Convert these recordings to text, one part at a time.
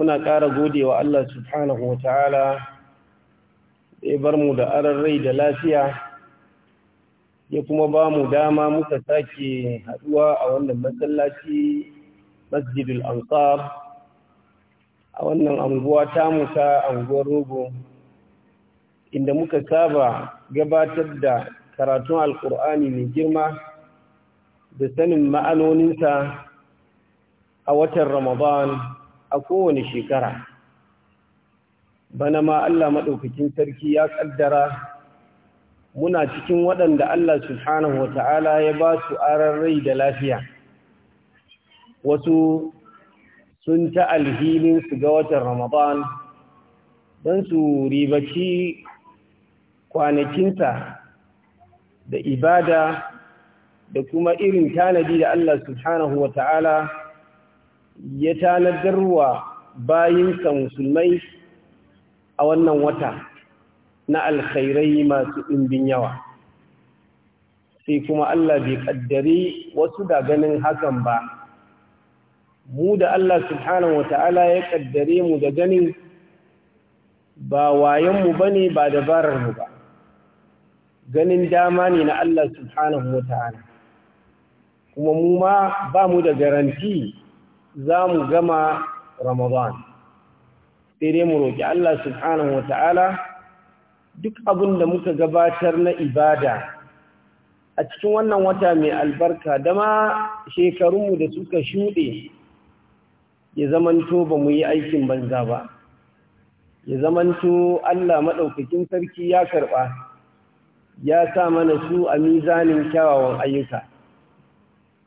muna ƙara gode wa Allah subhanahu wa ta'ala ya bar mu da ararrai da lafiya ya kuma ba mu dama muka sake haɗuwa a wannan masallaci masjidul ansar a wannan anguwa tamu ta anguwar rogo inda muka saba gabatar da karatun alkur'ani mai girma da sanin ma'anoninsa a watan ramadan a kowane shekara bana ma Allah maɗaukakin sarki ya ƙaddara muna cikin waɗanda Allah subhanahu wa ta'ala ya ba su aran rai da lafiya wasu sun ta alhinin su ga watan ramadan don su ribaci kwanakinta da ibada da kuma irin tanadi da Allah subhanahu wa ta'ala ya tanadarwa bayinsa musulmai a wannan wata na alkhairai masu ɗimbin yawa sai kuma Allah bai ƙaddare wasu da ganin hakan ba mu da Allah subhanahu wata'ala ya ƙaddare mu da ganin ba wayanmu ba ne ba dabararmu ba ganin dama ne na Allah subhanahu wata'ala kuma mu ma ba mu da garanti za mu gama Ramadan. Sai mu roƙi Allah subhanahu wa ta'ala duk abin da muka gabatar na ibada a cikin wannan wata mai albarka dama shekarunmu da suka shuɗe ya zamanto ba mu yi aikin banza ba. Ya zamanto Allah maɗaukakin sarki ya karɓa, ya sa mana su a mizanin kyawawan ayyuka.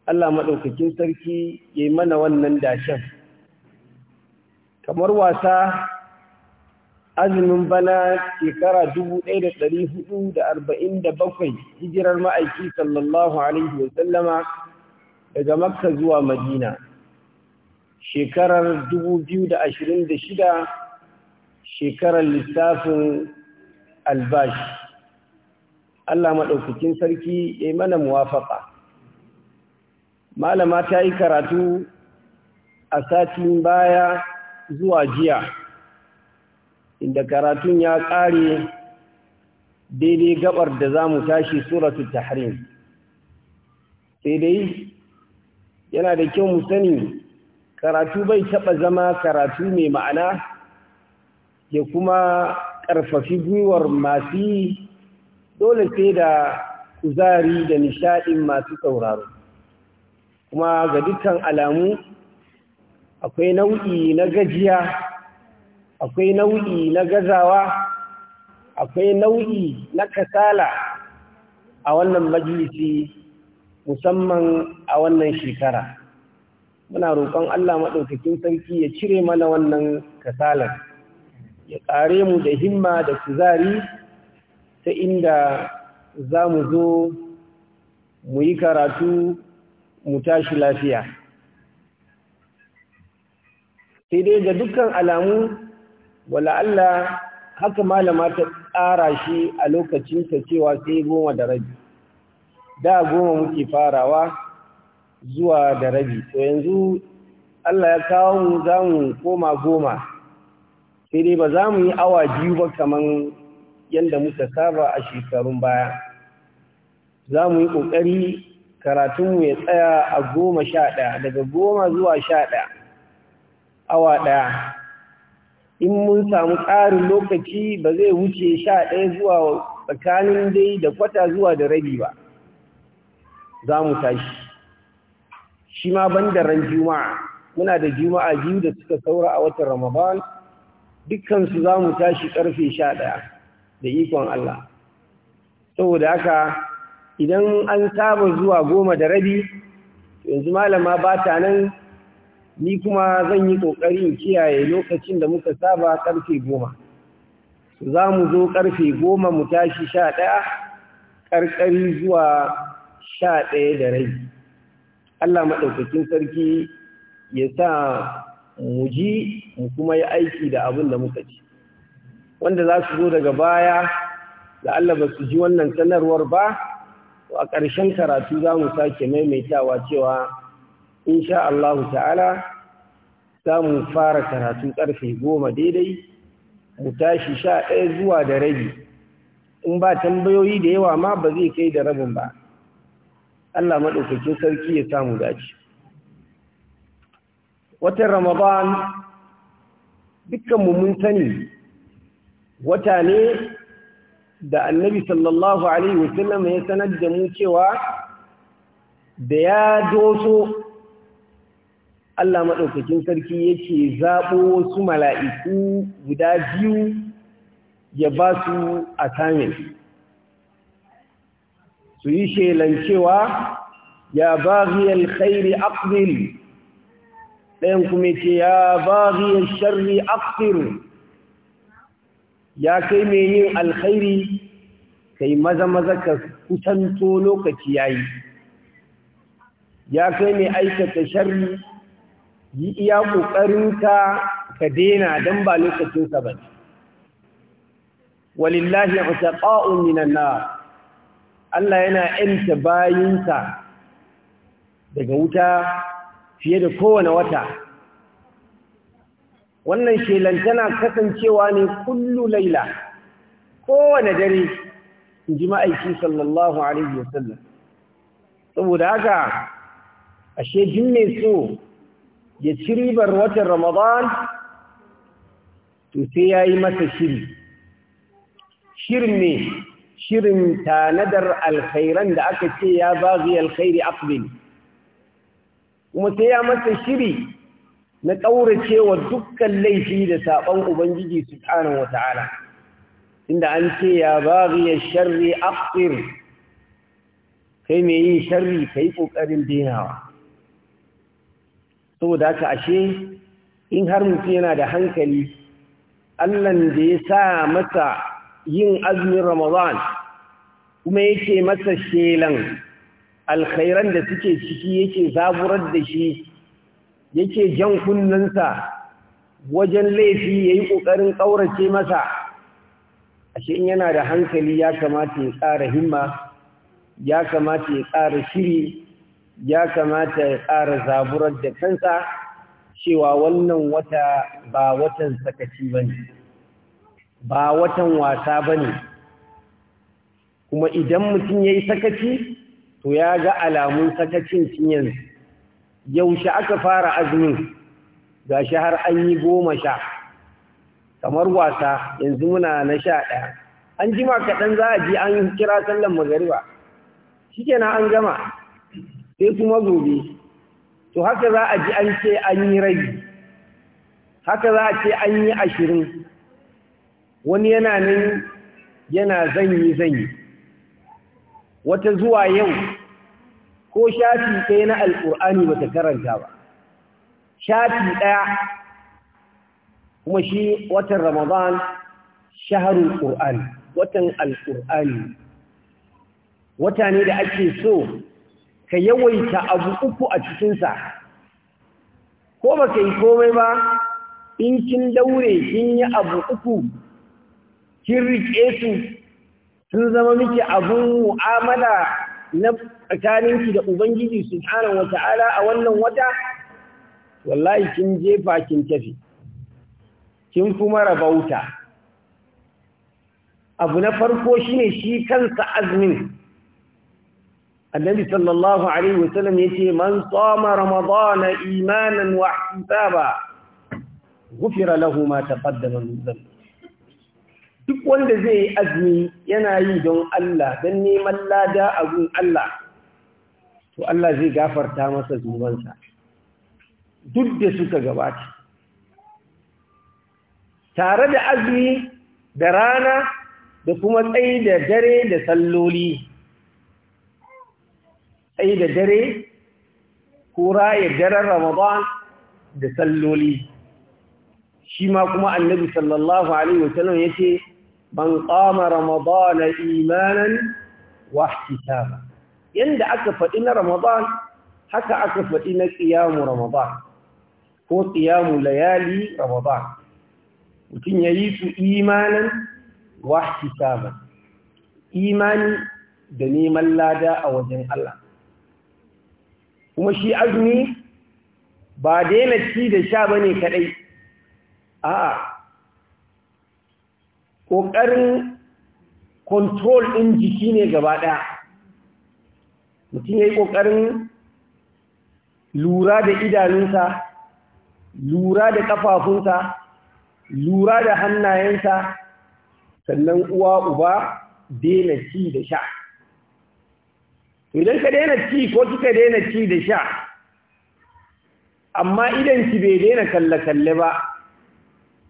Allah maɗaukakin sarki ya mana wannan dashen. Kamar wasa azumin bana shekara ɗaya da da bakwai, hijirar ma'aiki sallallahu Alaihi wasallama daga Makka zuwa Madina. Shekarar da da ashirin shida, shekarar lissafin albashi. Allah maɗaukakin sarki ya yi mana muwafaƙa. malama ta yi karatu a satin baya zuwa jiya inda karatun ya ƙare daidai gabar da za mu tashi suratul tahrim sai dai yana da kyau mu sani karatu bai taɓa zama karatu mai ma'ana ya kuma ƙarfafi gwiwar masu dole sai da kuzari da nishaɗin masu sauraro kuma ga dukkan alamu akwai nau'i na gajiya akwai nau'i na gazawa akwai nau'i na kasala a wannan majalisi musamman a wannan shekara muna roƙon Allah maɗaukakin sarki ya cire mana wannan kasalar ya ƙare mu da himma da kuzari ta inda za mu zo mu yi karatu mu tashi lafiya sai dai ga dukkan alamu wala Allah haka malama ta tsara shi a lokacinsa cewa sai goma da rabi da goma muke farawa zuwa da rabi to yanzu Allah ya kawo mu za mu koma goma sai dai ba za mu yi awa biyu ba kamar yadda muka saba a shekarun baya za mu yi ƙoƙari karatunmu ya tsaya a goma sha ɗaya daga goma zuwa sha ɗaya awa ɗaya in mun samu ƙarin lokaci ba zai wuce sha ɗaya zuwa tsakanin dai da kwata zuwa da rabi ba za mu tashi shi ma ban da ran juma'a muna da juma'a biyu da suka saura a watan ramadan dukkansu za mu tashi ƙarfe sha ɗaya da ikon allah saboda haka idan an saba zuwa goma da rabi yanzu malama ba ta nan ni kuma zan yi ƙoƙari in kiyaye lokacin da muka saba ƙarfe goma za mu zo ƙarfe goma mu tashi sha ɗaya ƙarƙari zuwa sha ɗaya da rai Allah maɗaukakin sarki ya sa mu ji mu kuma yi aiki da abin da muka ci wanda za su zo daga baya da Allah ba su ji wannan sanarwar ba a ƙarshen karatu za mu sake maimaitawa cewa insha Allah ta'ala za mu fara karatu ƙarfe goma daidai mu tashi sha ɗaya zuwa da rabi in ba tambayoyi da yawa ma ba zai kai da rabin ba Allah maɗaukakin sarki ya samu dace watan ramadan dukkanmu mun sani wata ne da annabi sallallahu alaihi wasallam ya sanar da mu cewa da ya doso Allah maɗaukakin sarki yake zaɓo wasu mala'iku guda biyu ya ba su a su yi shelan cewa ya riyar khairi aqbil ɗayan kuma ce ya riyar sharri aqbil ya kai mai yin alkhairi kai maza maza ka kusanto lokaci yayi ya kai mai aikata sharri yi iya kokarin ka daina don ba lokacinsa ba ne walillahi utaqa'un minan nar Allah yana yanta bayinsa daga wuta fiye da kowane wata wannan shelan tana kasancewa ne kullu laila kowane dare inji ma'aiki sallallahu alaihi wasallam saboda haka ashe jin so ya ci ribar watan ramadan to sai ya yi masa shiri shirin ne shirin tanadar alkhairan da aka ce ya bazi alkhairi aqbil kuma sai ya masa shiri na ƙaurace wa dukkan laifi da saɓon Ubangiji Subhanahu wa ta'ala, inda an ce ya bari ya sharri afir, kai mai yin sharri ka yi ƙoƙarin denawa. Saboda ka ashe, in har mutu yana da hankali, Allahn da ya sa mata yin azumin Ramadan, kuma yake mata shelan alkhairan da suke ciki yake zaburar da shi yake jan kunnensa wajen laifi ya yi ƙoƙarin ƙaurace masa ashe in yana da hankali ya kamata ya ƙara himma ya kamata ya ƙara shiri ya kamata ya ƙara zaburar da kansa cewa wannan wata ba watan sakaci ba ne ba watan wasa ba ne kuma idan mutum ya yi sakaci to ya ga alamun sakacin tun yanzu yaushe aka fara azumin gashi har an yi goma sha kamar wasa yanzu muna na sha ɗaya an jima kaɗan za a ji an kira sallan magariba shi an gama sai kuma zobe. to haka za a ji an ce an yi rabi haka za a ce an yi ashirin wani yana nan yana zanyi zanyi wata zuwa yau ko shafi ɗaya na alƙur'ani ba ta karanta ba shafi ɗaya kuma shi watan ramadan shaharun ƙur'ani watan alƙur'ani wata ne da ake so ka yawaita abu uku a cikinsa ko ba ka yi komai ba in kin daure kin yi abu uku kin riƙe su sun zama miki abin mu'amala na tsakaninki da Ubangiji subhanahu wa ta'ala a wannan wata, wallahi kin jefa kin tafi, kin kuma rabauta. Abu na farko shine shi kansa azmin. Annabi sallallahu Alaihi wasallam ya ce, Man tsoma Ramadana imanan wa ba, gufira lahu ma taƙaddama zan. duk wanda zai yi azumi yana yi don Allah don neman lada a Allah to Allah zai gafarta masa zubansa duk da suka gabata tare da azumi da rana da kuma tsayi da dare da salloli tsayi da dare ko raye daren ramadan da salloli shi ma kuma annabi sallallahu alaihi wasallam ce ban qama ramadan imanan wa ba. yanda aka faɗi na Ramadan haka aka faɗi na ƙiyamu Ramadan ko ƙiyamu layali Ramadan mutum ya yi su imanin wahti saman imani da neman lada a wajen Allah kuma shi azumi ba daina ci da sha bane kadai a'a ƙoƙarin kontrol ɗin jiki ne gaba ɗaya mutum ya yi ƙoƙarin lura da idanunsa lura da ƙafafunsa lura da hannayensa sannan uwa uba daina ci da sha idan ka daina ci ko kika daina ci da sha amma idan ki bai daina kalle-kalle ba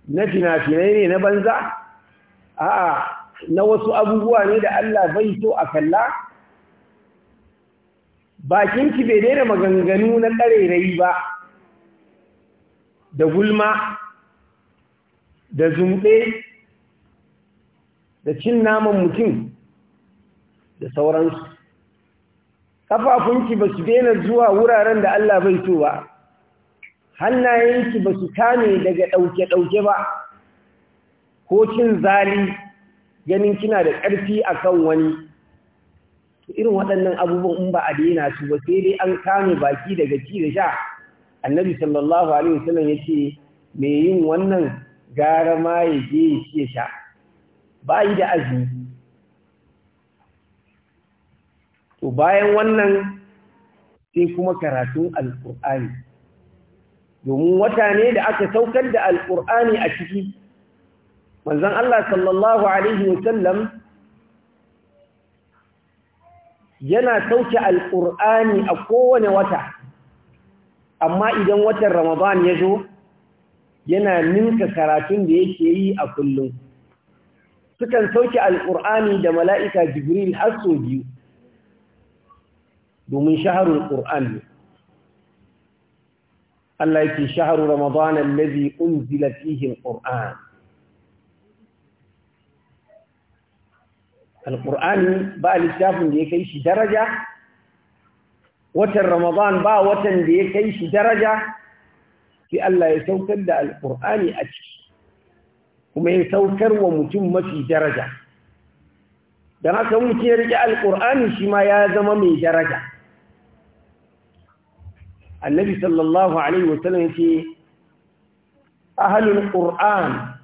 na fina-finai ne na banza a'a na wasu abubuwa ne da Allah bai so a kalla ki bai daina maganganu na ƙarairayi ba da gulma da zumɗe da cin naman mutum da sauransu ƙafafunki ba su daina zuwa wuraren da Allah bai so ba ki ba su kame daga ɗauke-ɗauke ba ko cin zali ganin kina da ƙarfi akan wani irin waɗannan abubuwan in ba a daina su ba sai dai an kame baki daga ci da sha annabi sallallahu alaihi wasallam ya ce me yin wannan gara ma ya je ya ci ya sha ba yi da azumi to bayan wannan sai kuma karatun alqur'ani domin wata ne da aka saukar da alqur'ani a ciki manzon Allah sallallahu alaihi wasallam yana sauke alƙur'ani a kowane wata amma idan watan ramadan ya zo yana ninka karatun da yake yi a kullum sukan sauke alƙur'ani da mala'ika jibril har so biyu domin shaharun ƙur'an ne Allah yake shaharu ramadan allazi unzila fihi alqur'an alƙur'ani ba littafin da ya kai shi daraja watan ramadan ba watan da ya kai shi daraja sai Allah ya saukar da alƙur'ani a ciki kuma ya saukar wa mutum mafi daraja don haka mutum ya riƙe alƙur'ani shi ma ya zama mai daraja annabi sallallahu alaihi wasallam ya ce ahalul ƙur'an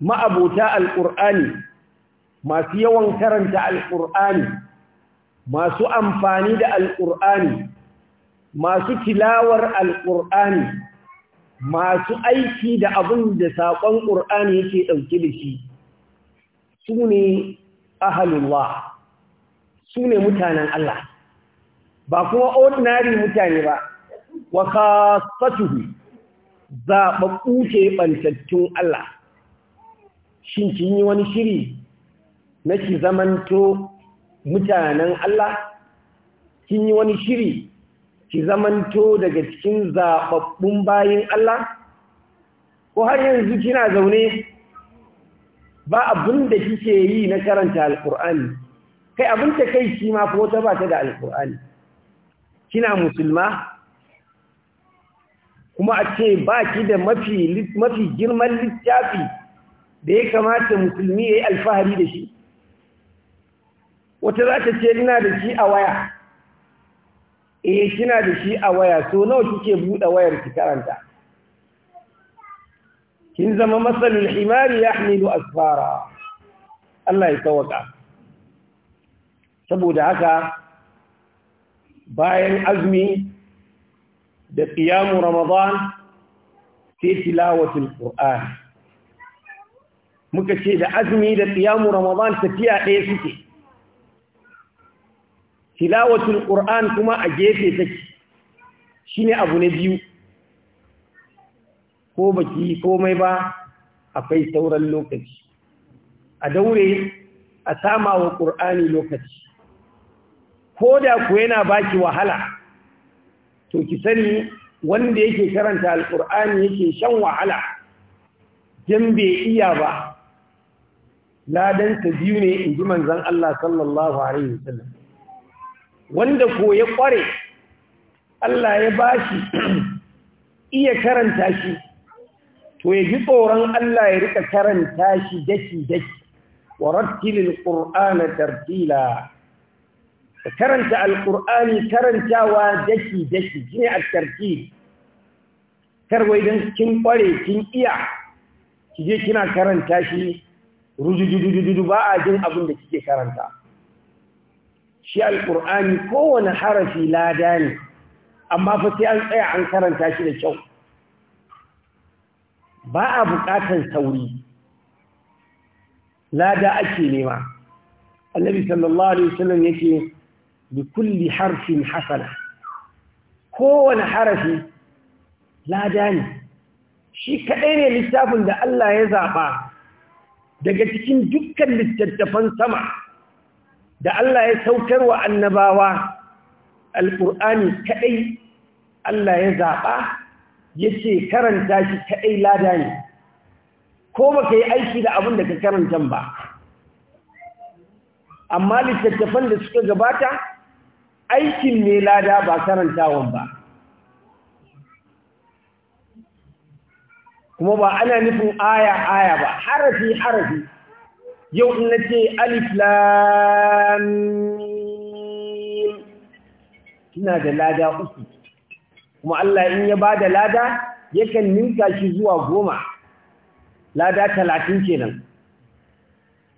ma'abuta alƙur'ani masu yawan karanta alƙur'ani masu amfani da alƙur'ani masu tilawar alƙur'ani masu aiki da abin da saƙon ƙur'ani yake ɗauki da shi su ne ahalullah su ne mutanen Allah ba kuma ordinary mutane ba wa khasatuhu zaɓaɓɓu ke ɓantattun Allah shin kin yi wani shiri na ki zamanto mutanen Allah kin yi wani shiri ki zamanto daga cikin zababbun bayin Allah ko har yanzu kina zaune ba abin da kike yi na karanta alkur'ani kai abin da kai shi ma ko ta ba ta da alkur'ani kina musulma kuma a ce ba ki da mafi girman littafi da ya kamata musulmi ya yi alfahari da shi wata za ta ce ina da shi a waya eh kina da shi a waya so nawa kike buɗe wayar ki karanta kin zama masalul himari yahmilu asfara Allah ya tawaka saboda haka bayan azmi da qiyamu ramadan sai tilawatul qur'an muka ce da azumi da qiyamu ramadan tafiya ɗaya suke tilawatul qur'an kuma a gefe take shine abu na biyu ko baki komai ba akwai sauran lokaci a daure a sama wa qur'ani lokaci ko da ku yana baki wahala to ki sani wanda yake karanta alqur'ani yake shan wahala dan bai iya ba dan ta biyu ne in ji manzon Allah sallallahu alaihi wasallam wanda ko ya kware Allah ya bashi iya karanta shi to ya ji tsoron Allah ya rika karanta shi daki daki wa rattilil qur'ana tartila karanta alqur'ani karantawa daki daki shine at-tartil wai dan kin ƙware kin iya kije kina karanta shi rujujujujuju ba a jin abin da kike karanta shi alƙur'ani kowane harafi lada ne amma fa sai an tsaya an karanta shi da kyau ba a buƙatar sauri lada ake nema annabi sallallahu alaihi wasallam yake bi kulli harfin hasana kowane harafi lada ne shi kaɗai ne littafin da Allah ya zaɓa daga cikin dukkan littattafan sama da Allah ya saukar wa annabawa alƙur'ani kaɗai Allah ya zaɓa ya ce karanta shi kaɗai lada ne ko ba ka yi aiki da abin da ka karanta ba amma littattafan da suka gabata aikin ne lada ba karantawan ba kuma ba ana nufin aya-aya ba harafi-harafi yau in na ce alif lamim kina da lada uku kuma Allah in ya ba da lada yakan ninka shi zuwa goma lada talatin kenan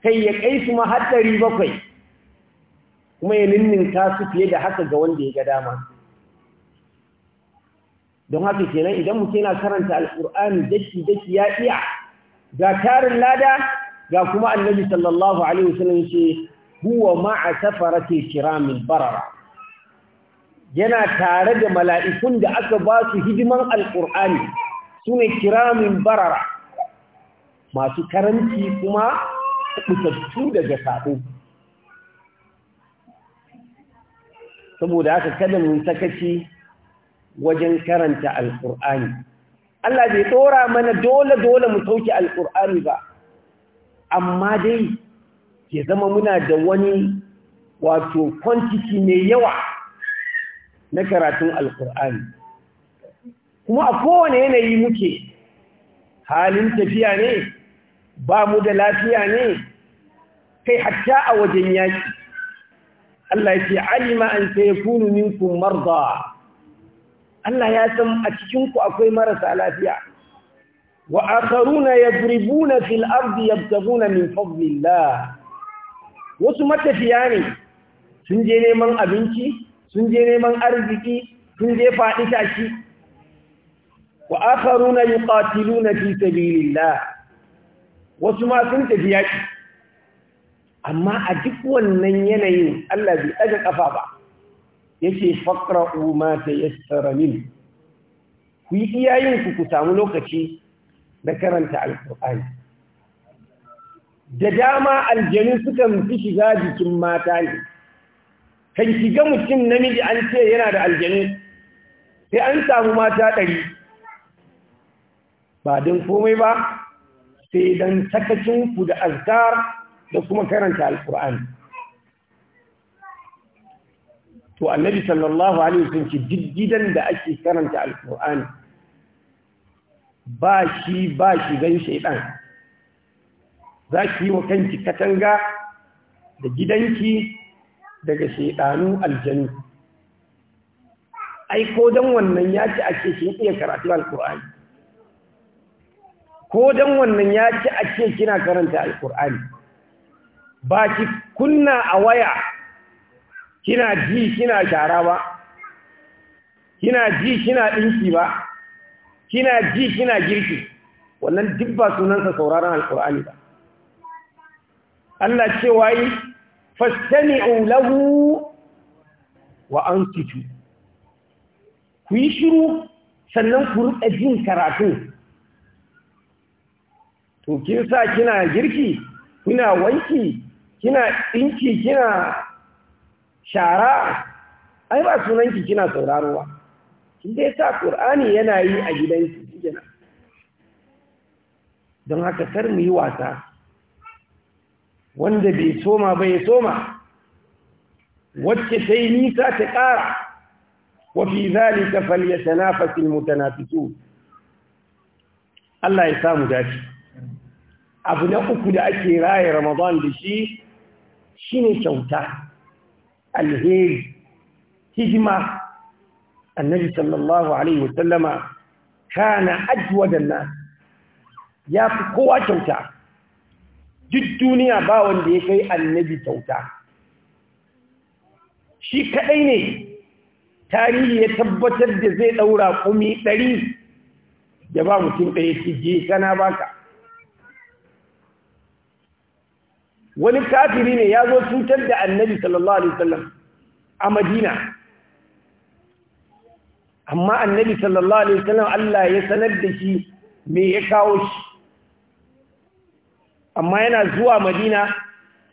kai ya kai su mahattari bakwai kuma ya ninninka su fiye da haka ga wanda ya ga dama don haka kenan idan mutum yana karanta alkur'ani daki daki ya iya ga tarin lada ga kuma annabi sallallahu alaihi wasallam yace huwa ma'a safarati kiramil barara yana tare da mala'ikun da aka ba su hidiman alqur'ani sune kiramin barara masu karanci kuma kutattu daga sabo saboda haka kada mu sakaci wajen karanta alqur'ani Allah bai tsora mana dole dole mu sauke alqur'ani ba amma dai ke zama muna da wani wato kwantiki mai yawa na karatun alkur'ani kuma a kowane yanayi muke halin tafiya ne ba mu da lafiya ne kai hatta a wajen yaki Allah ya ce alima an sayakunu minkum marda Allah ya san a cikinku akwai marasa lafiya ya وآخرون يضربون في ya يبتغون na فضل الله wasu matafiya ne sun je neman abinci sun je neman arziki sun je faɗi tashi wa ƙatilu na fi sabilillah wasu ma sun tafi yaki amma a duk wannan yanayin Allah bai ɗaga ƙafa ba yake faqra'u ma tayassara min ku yi iyayen ku samu lokaci da karanta alkur'ani da dama aljanu sukan fi shiga jikin mata ne kan shiga mutum namiji an ce yana da aljanu sai an samu mata ɗari ba don komai ba sai don sakacinku da azkar da kuma karanta Alƙur'ani. to annabi sallallahu alaihi wasallam ce gidan da ake karanta alkur'ani ba shi ba shi zan shaidan za ki yi wa kanki katanga da gidanki daga shaidanu aljanu ai ko dan wannan ya ci ake shi iya karatu alkur'ani ko dan wannan ya ci ake kina karanta alkur'ani ba ki kunna a waya kina ji kina shara ba kina ji kina dinki ba kina ji kina girki wannan duk ba sunansa sauraron alkur'ani ba Allah ce wai fastami'u lahu wa antitu ku yi shiru sannan ku rika jin karatu to kin sa kina girki kina wanki kina dinki kina shara ai ba sunanki kina sauraro ba Shi dai sa qur'ani yana yi a gidanki kina don haka kar mu yi wasa wanda bai soma bai soma wacce ta yi nisa ta ƙara wafi zalika falyatanafasil mutanafisu Allah ya samu dace abu na uku da ake raye ramadan da shi shine kyauta alheri hijima annabi sallallahu alaihi wasallama kana ajwadan nas ya fi kowa kyauta duk duniya ba wanda ya kai annabi kyauta shi kadai ne tarihi ya tabbatar da zai daura kumi ɗari da ba mutum ɗaya ci je kana baka wani kafiri ne ya zo cutar da annabi sallallahu alaihi wasallam a madina amma annabi sallallahu alaihi wasallam Allah ya sanar da shi me ya kawo shi amma yana zuwa Madina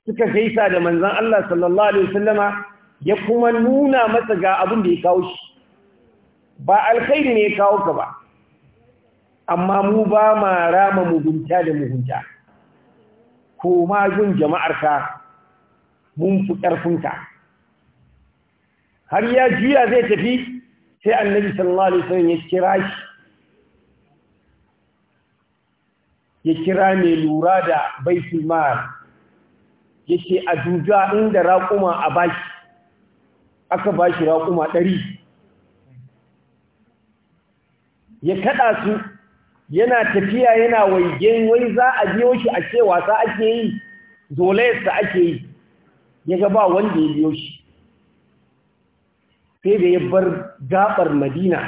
suka gaisa da manzon Allah sallallahu alaihi wasallam ya kuma nuna masa ga abin da ya kawo shi ba alkhairi ne ya kawo ka ba amma mu ba ma rama mugunta da mugunta ko ma jama'ar ka mun fi ƙarfinka har ya juya zai tafi sai annabi sallallahu alaihi wasallam ya kira shi ya kira mai lura da baitul mal yace a duba inda raƙuma a baki aka bashi raƙuma 100 ya kaɗa su yana tafiya yana waigen wai za a biyo shi a ce wasa ake yi dole zolayarsa ake yi ya ga ba wanda ya biyo shi sai da ya bar gabar madina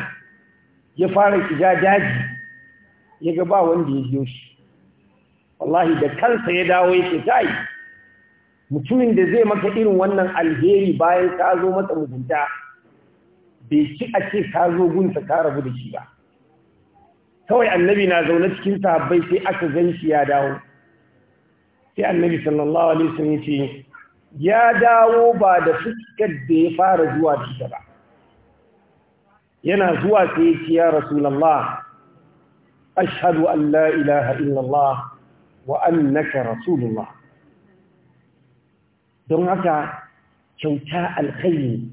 ya fara shiga daji ya ga ba wanda ya biyo shi wallahi da kansa ya dawo ya ce tai mutumin da zai maka irin wannan alheri bayan ka zo masa mugunta bai ci a ce ka zo gunta ka rabu da shi ba kawai annabi na zaune cikin sahabbai sai aka gan shi ya dawo sai annabi sallallahu alaihi wasallam ya ya dawo ba da fuskar da ya fara zuwa da ba yana zuwa sai ya ce ya rasulallah ashhadu an la ilaha illallah wa annaka rasulullah don haka kyauta alkhairi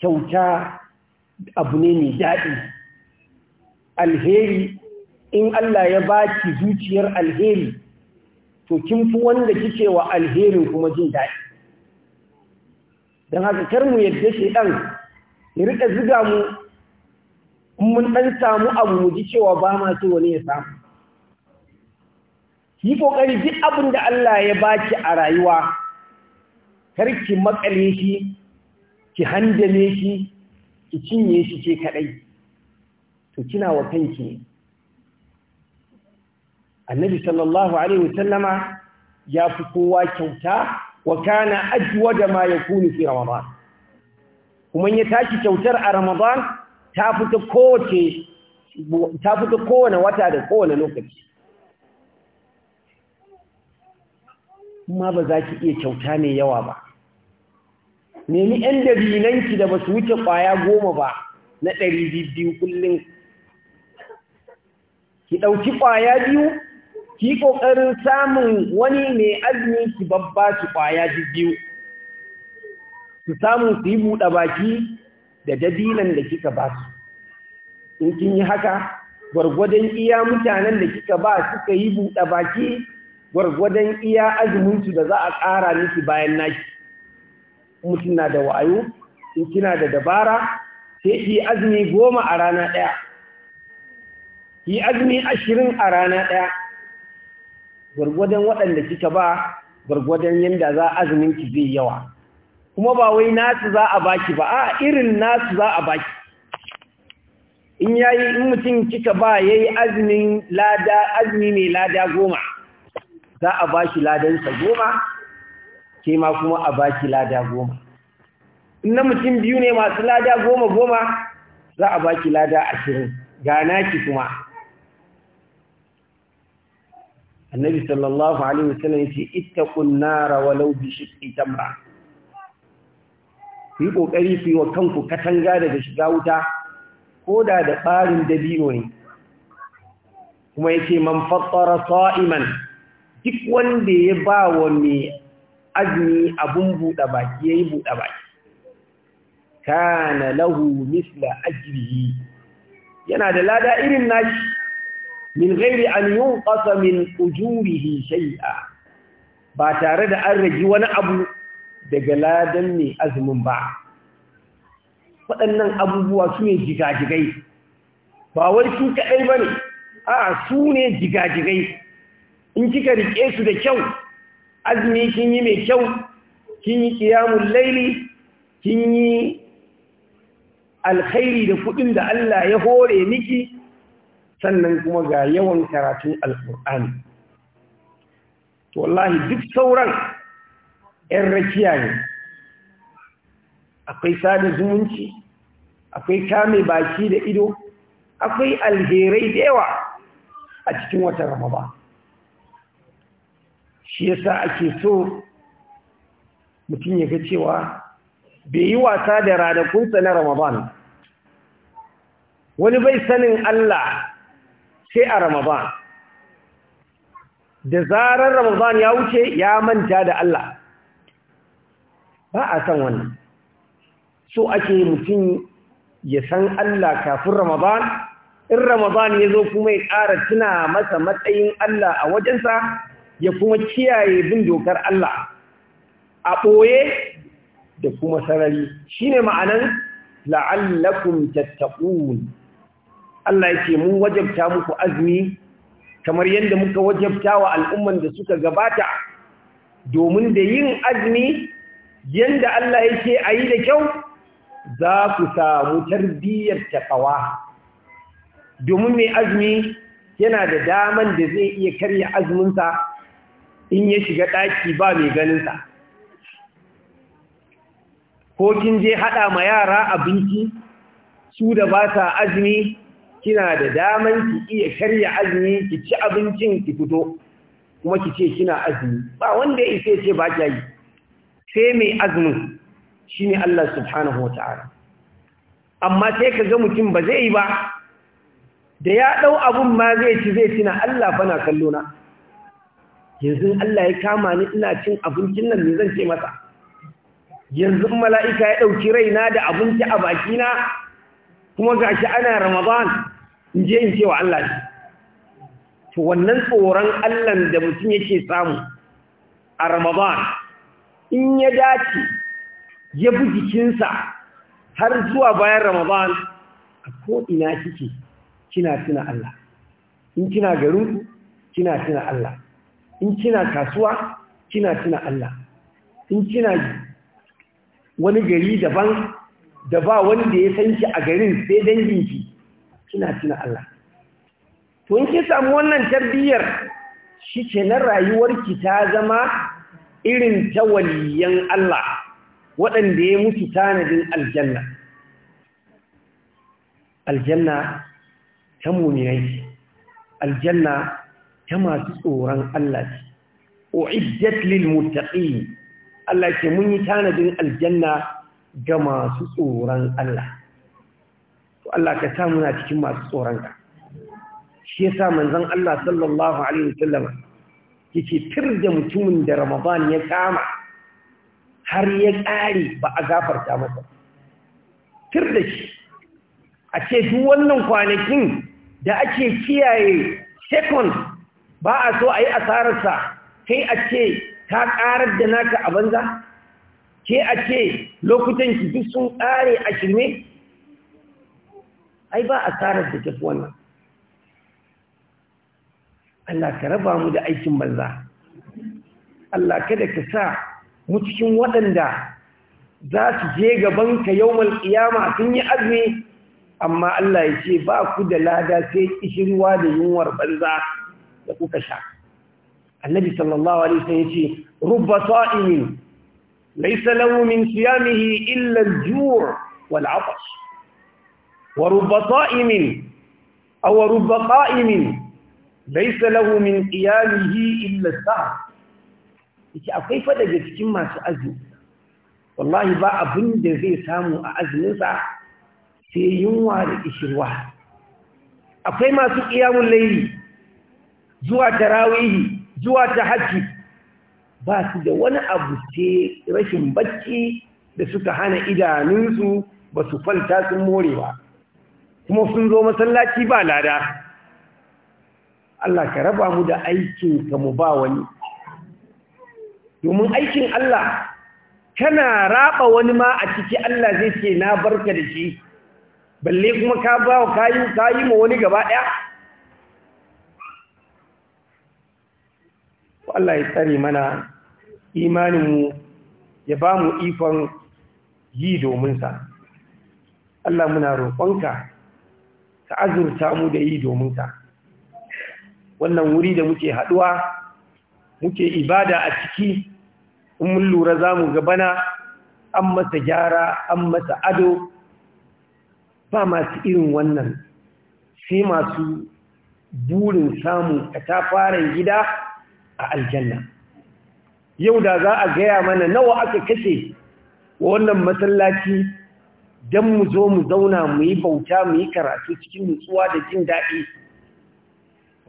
kyauta abu ne mai daɗi alheri in Allah ya baki zuciyar alheri to kin fi wanda kike wa alherin kuma jin daɗi don haka kar mu yadda shi ɗan ya rika ziga mu mun dan samu abu mu ji cewa ba ma so wani ya samu yi ƙoƙari duk abin da Allah ya baki a rayuwa karki makale shi ki handame shi ki cinye shi ce kaɗai, to kina wa kanki ne annabi sallallahu alaihi wasallama ya fi kowa kyauta wa kana da ma yakunu fi ramadan kuma ya tashi kyautar a Ramadan ta fita kowane wata da kowane lokaci kuma ba za ki iya kyauta mai yawa ba nemi 'yan dabinanki da ba su wuce ƙwaya goma ba na ɗari biyu kullum ki ɗauki ƙwaya biyu ki ƙoƙarin samun wani mai azumi ki babba su ƙwaya biyu su samu su yi buɗe baki da dadinan da kika ba su in kin yi haka gwargwadon iya mutanen da kika ba suka yi buɗe baki gwargwadon iya azuminsu da za a ƙara miki bayan naki mutum na da wayo in kina da dabara sai yi azumi goma a rana ɗaya yi azumi ashirin a rana ɗaya gwargwadon waɗanda kika ba gwargwadon yadda za azumin ki zai yawa kuma ba wai nasu za a baki ba a irin nasu za a baki in yayi in mutum kika ba yayi azumin lada azumi mai lada goma za a baki ladansa goma ke ma kuma a baki lada goma in na mutum biyu ne masu lada goma goma za a baki lada ashirin ga naki kuma annabi sallallahu alaihi wasallam ce ittaqun nar walau bi shiqqi tamra ku yi ƙoƙari ku yi wa kanku katanga daga shiga wuta ko da da ɓarin dabino ne kuma yake man fattara sa'iman duk wanda ya ba wa mai azumi abun buɗe baki ya yi buɗe baki kana lahu misla ajrihi yana da lada irin nashi min gairi an yunqasa min ujurihi shay'a ba tare da an rage wani abu daga ladan mai azumin ba waɗannan abubuwa su ne jigajigai ba wai su kaɗai ba ne a su ne jigajigai in kika riƙe su da kyau azumi kin yi mai kyau kin yi ƙiyamun laili kin yi alkhairi da kuɗin da Allah ya hore miki sannan kuma ga yawan karatun alƙur'ani wallahi duk sauran 'yan rakiya ne akwai sada zumunci akwai kame baki da ido akwai alherai da yawa a cikin watan ramaba shi yasa ake so mutum ya ga cewa bai yi wasa da ranakunsa na ramadan wani bai sanin Allah sai a ramadan da zarar ramadan ya wuce ya manta da Allah ba a san wannan so ake mutum ya san Allah kafin Ramadan in Ramadan ya zo kuma ya ƙara tuna masa matsayin Allah a wajensa ya kuma kiyaye bin dokar Allah a ɓoye da kuma sarari shine ma'anan la'allakum tattaɓun Allah yake mun wajabta muku azumi kamar yadda muka wajabta wa al'umman da suka gabata domin da yin azumi yanda Allah yake a yi da kyau za ku samu tarbiyyar taƙawa domin mai azumi yana da daman da zai iya karya azuminsa in ya shiga ɗaki ba mai ganinsa ko kin je haɗa ma yara abinci su da ba sa azumi kina da daman ki iya karya azumi ki ci abincin ki fito kuma ki ce kina azumi ba wanda ya isa ce ba ki yi sai mai azumin shi ne Allah subhanahu wa ta'ala amma sai ka ga mutum ba zai yi ba da ya ɗau abin ma zai ci zai cina Allah bana kallo na yanzu Allah ya kama ni ina cin abincin nan ne zan ce masa yanzu mala'ika ya ɗauki raina da abinci a bakina kuma ga shi ana ramadan in je in ce wa Allah shi to wannan tsoron Allah da mutum yake samu a ramadan in ya dace ya bi jikinsa har zuwa bayan Ramadan a ko'ina kike kina tuna Allah. In kina garinku, kina tuna Allah. In kina kasuwa, kina tuna Allah. In kina wani gari daban da ba wani ya san ki a garin sai danginki, kina tuna Allah. To, in ki samu wannan tarbiyyar shi ke na rayuwarki ta zama irin ta waliyan Allah waɗanda ya mutu tanadin aljanna aljanna ta muminai aljanna ta masu tsoron Allah ce uiddat lil muttaqin Allah ce mun yi tanadin aljanna ga masu tsoron Allah to Allah ka sa muna cikin masu tsoronka, shi ya sa manzan Allah sallallahu alaihi wasallam yake tir da mutumin da Ramadan ya kama har ya ƙare ba a gafarta masa tir da shi a ce duk wannan kwanakin da ake kiyaye second ba a so a yi asararsa kai a ce ka ƙarar da naka a banza ke a ce lokutan ki duk sun ƙare a shirme ai ba asarar da tafi wannan Allah ka raba mu da aikin banza Allah kada ka sa mu cikin waɗanda za su je gaban ka yawmal qiyama sun yi azumi amma Allah ya ce ba ku da lada sai kishirwa da yunwar banza da kuka sha Annabi sallallahu alaihi wasallam ya ce rubba sa'imin laysa lahu min siyamihi illa al-ju' wal 'atash wa rubba sa'imin aw rubba qa'imin laisa lahu min iyalihi illa sa'a yace akwai fa daga cikin masu azumi wallahi ba abin da zai samu a azuminsa sai yunwa da ishirwa. akwai masu qiyamul layli zuwa tarawih zuwa tahajji ba su da wani abu ce rashin bacci da suka hana idanunsu ba su falta sun more ba kuma sun zo masallaci ba lada Allah ka raba mu da aikin ka mu ba wani domin aikin Allah kana raba wani ma a ciki Allah zai ce na barka da shi balle kuma ka ba wa kayi kayi ma wani gaba daya Allah ya tsare mana imanin mu ya ba mu ikon yi domin sa Allah muna roƙonka ka azurta mu da yi domin ka wannan wuri da muke haɗuwa muke ibada a ciki in mun lura za mu bana an masa gyara an masa ado ba masu irin wannan sai masu burin samun katafaren gida a aljanna yau da za a gaya mana nawa aka kashe wa wannan masallaci don mu zo mu zauna mu yi bauta mu yi karatu cikin nutsuwa da jin daɗi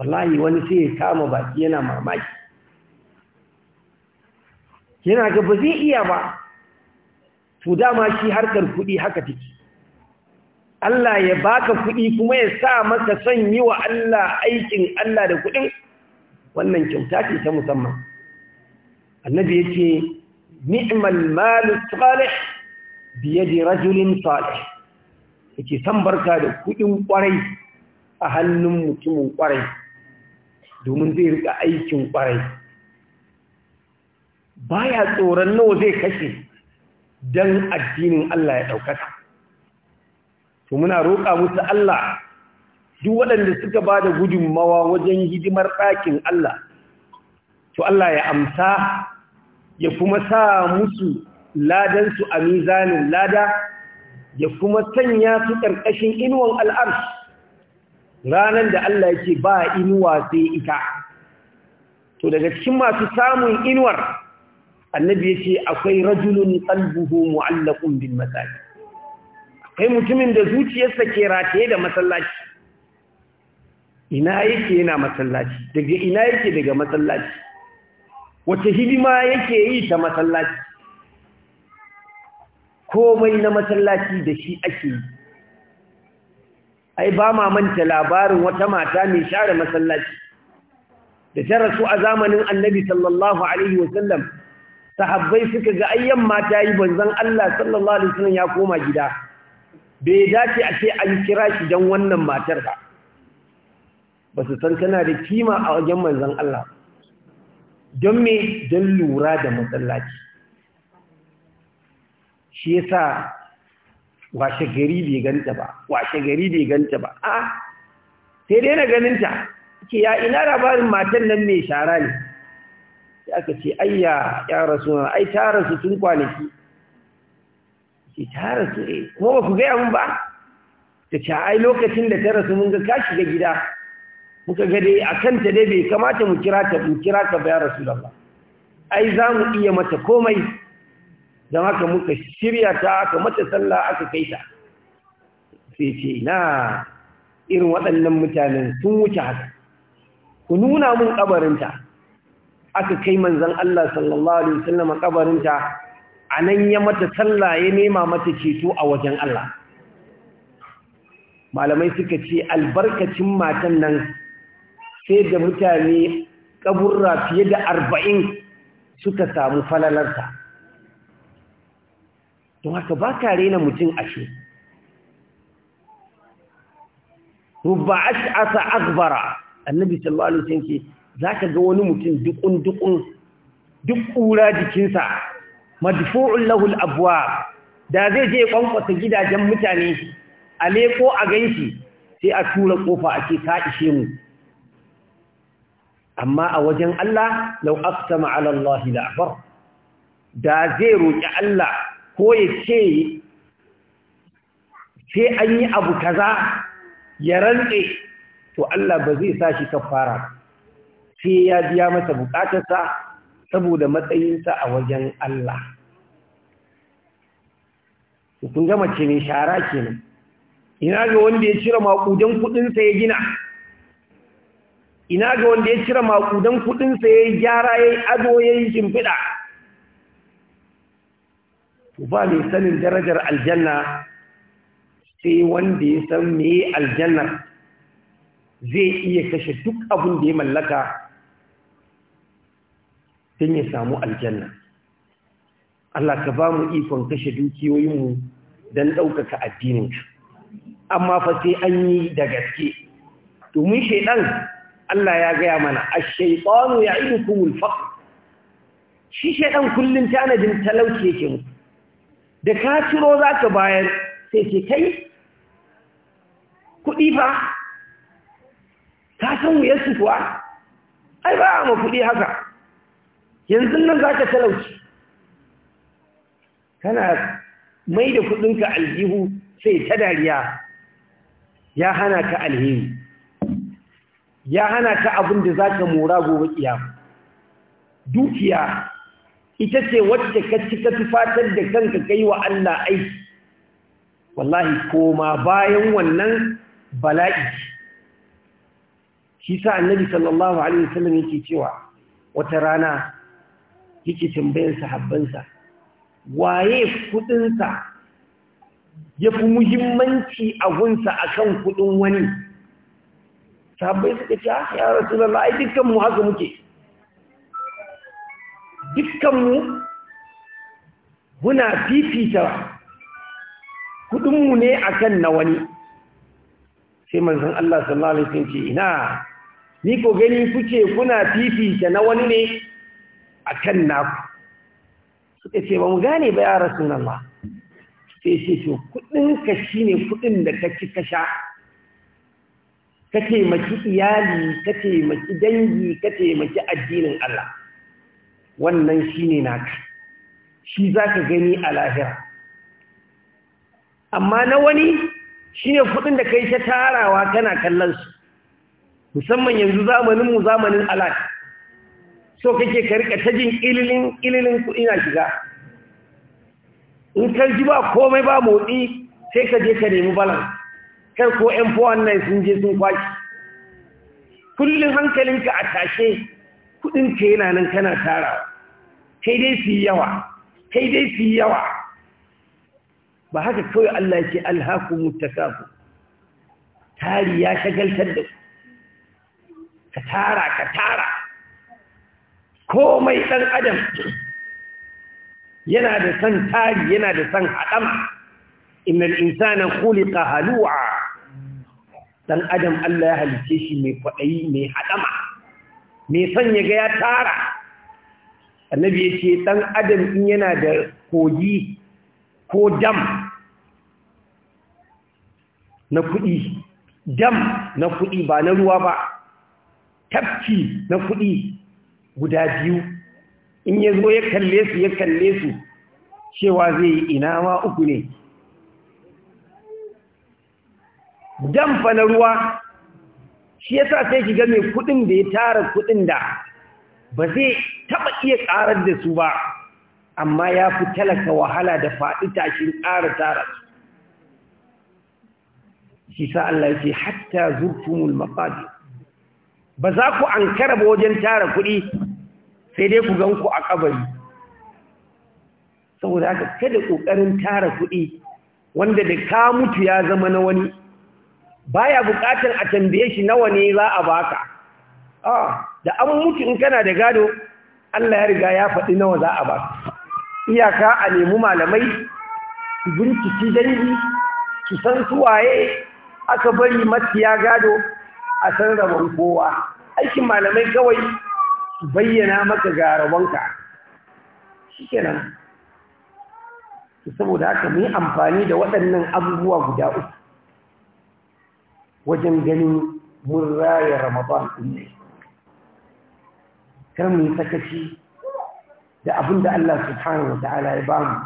wallahi wani sai ya kama baki yana mamaki yana ga ba zai iya ba to dama shi harkar kuɗi haka take Allah ya baka kuɗi kuma ya sa maka son yi wa Allah aikin Allah da kuɗin wannan kyauta ce ta musamman annabi yake ni'mal malu salih biyadi rajulin salih yake san barka da kuɗin kwarai a hannun mutumin kwarai domin zai rika aikin kwarai baya tsoron nawa zai kashe don addinin Allah ya ɗaukaka to muna roƙa musu Allah duk waɗanda suka ba da gudunmawa wajen hidimar ɗakin Allah to Allah ya amsa ya kuma sa musu ladansu a mizanin lada ya kuma sanya su ƙarƙashin inuwan al'arsu ranar da Allah yake ba inuwa sai ita to daga cikin masu samun inuwar annabi yake akwai rajulun qalbuhu mu'allaqun bil masaji akwai mutumin da zuciyarsa ke rataye da masallaci ina yake yana masallaci daga ina yake daga masallaci wace hidima yake yi ta masallaci komai na masallaci da shi ake yi ai ba ma manta labarin wata mata mai share masallaci da ta rasu a zamanin annabi sallallahu alaihi wasallam sahabbai suka ga ayyan mata yi banzan Allah sallallahu alaihi wasallam ya koma gida bai dace a ce an kira shi don wannan matar ba ba su san tana da kima a wajen manzan Allah don me don lura da masallaci shi yasa washe gari bai ganta ba washe gari bai ganta ba a sai dai na ganinta ke ya ina labarin matan nan mai shara ne sai aka ce ayya ya rasu na ai ta rasu tun kwanaki ce ta rasu eh kuma ba ku gaya mun ba ta ce ai lokacin da ta rasu mun ga ka shiga gida muka ga dai a kanta dai bai kamata mu kira ta mu kira ka ba ya rasu ai za mu iya mata komai don haka muka shirya ta aka mata sallah aka kai ta sai ce na irin waɗannan mutanen sun wuce haka ku nuna mun ƙabarinta aka kai manzan Allah sallallahu alaihi wasallam nan anan ya mata sallah ya nema mata ceto a wajen Allah malamai suka ce albarkacin matan nan sai da mutane kaburra fiye da arba'in suka samu falalarta don haka ba ka rena mutum ashe rubba Asa akbara annabi sallallahu alaihi wasallam za ka ga wani mutum dukun dukun duk kura jikinsa madfu'un lahu al da zai je ƙwanƙwata gidajen mutane a leko a ganki sai a tura kofa ake ce ka ishe mu amma a wajen Allah law aqsama ala Allah da zai roƙi Allah ko ya ce sai an yi abu kaza ya rantse to Allah ba zai sa shi kafara sai ya biya masa bukatarsa saboda matsayinsa a wajen Allah kun ga mace ne shara kenan ina ga wanda ya cire makudan kudinsa ya gina ina ga wanda ya cire makudan kudinsa ya gyara ya ado ya yi shimfiɗa Uba ba mai sanin darajar aljanna sai wanda ya san me aljanna zai iya kashe duk abin da ya mallaka don ya samu aljanna Allah ka ba mu ikon kashe dukiyoyinmu don ɗaukaka addininka amma fa sai an yi da gaske domin shaidan Allah ya gaya mana a shaitanu ya idu kumul shi shaidan kullum tanadin talauke ke mu. da ka ciro za ka bayar sai ke kai kuɗi ba, ka san wuyarsu kuwa ai ba a ma haka yanzu nan za ka talauci kana mai da kuɗinka aljihu sai ta dariya ya hana ka alheri ya hana ka abin da za ka mora gobe kiyama dukiya ita ce wacce ka ci ka tufatar da kanka kai wa Allah aiki wallahi koma bayan wannan bala'i shi sa annabi sallallahu alaihi wasallam yake cewa wata rana yake tambayan sahabbansa waye kudinsa ya fi muhimmanci a gunsa akan kudin wani sahabbai suka ce ah, ya rasu ai dukkan haka muke dukkanmu muna fifita kudinmu ne akan na wani sai manzon Allah sallallahu alaihi wasallam ce ina ni ko gani kuke kuna fifita na wani ne akan naku suka ce ba mu gane ba ya rasu nan ba. sai ce to kudin ka ne kudin da ka ci ka sha ka taimaki iyali ka taimaki dangi ka taimaki addinin Allah wannan shi ne naka shi za ka gani a lahira amma na wani shi ne kudin da kai ta tarawa kana kallonsu musamman yanzu zamaninmu zamanin alat so kake karka ta jin ililin ililin ina shiga in ji ba komai ba motsi sai ka je ka nemi balan kar ko 'yan nan sun je sun kwaki kullum hankalinka a tashe ka yana nan kana tarawa kai dai su yi yawa kai dai su yi yawa ba haka kawai Allah ya ce alhakumu takafu tari ya shagaltar da ka tara ka tara komai ɗan adam yana da san tari yana da san haɗama inal insana khuliqa halu'a dan adam Allah ya halice shi mai kwaɗayi mai haɗama mai son ya ga ya tara annabi ya ce ɗan adam in yana da kogi ko dam na kuɗi dam na kuɗi ba na ruwa ba tafki na kuɗi guda biyu in ya zo ya kalle su ya kalle su cewa zai yi ina ma uku ne dam fa na ruwa shi yasa sai ki ga mai kuɗin da ya tara kuɗin da ba zai taɓa iya ƙarar da su ba amma ya fi talaka wahala da faɗi tashin ƙara tara su shi sa Allah ya ce hatta zurfumul mafadi ba za ku an ba wajen tara kuɗi sai dai ku gan ku a ƙabari saboda haka kada ƙoƙarin tara kuɗi wanda da ka mutu ya zama na wani baya buƙatar a tambaye shi nawa ne za a baka ah, da an mutu in kana da gado Allah ya riga ya faɗi nawa za a ba iyaka a nemi malamai su binciki dangi su san suwaye aka bari maciya gado a san rabon kowa aikin malamai kawai su bayyana maka ga rabonka shi kenan saboda haka mu yi amfani da waɗannan abubuwa guda uku wajen ganin mun raya ramadan ɗin ne kar mu yi sakaci da abin da Allah subhanahu wa ta'ala ya bamu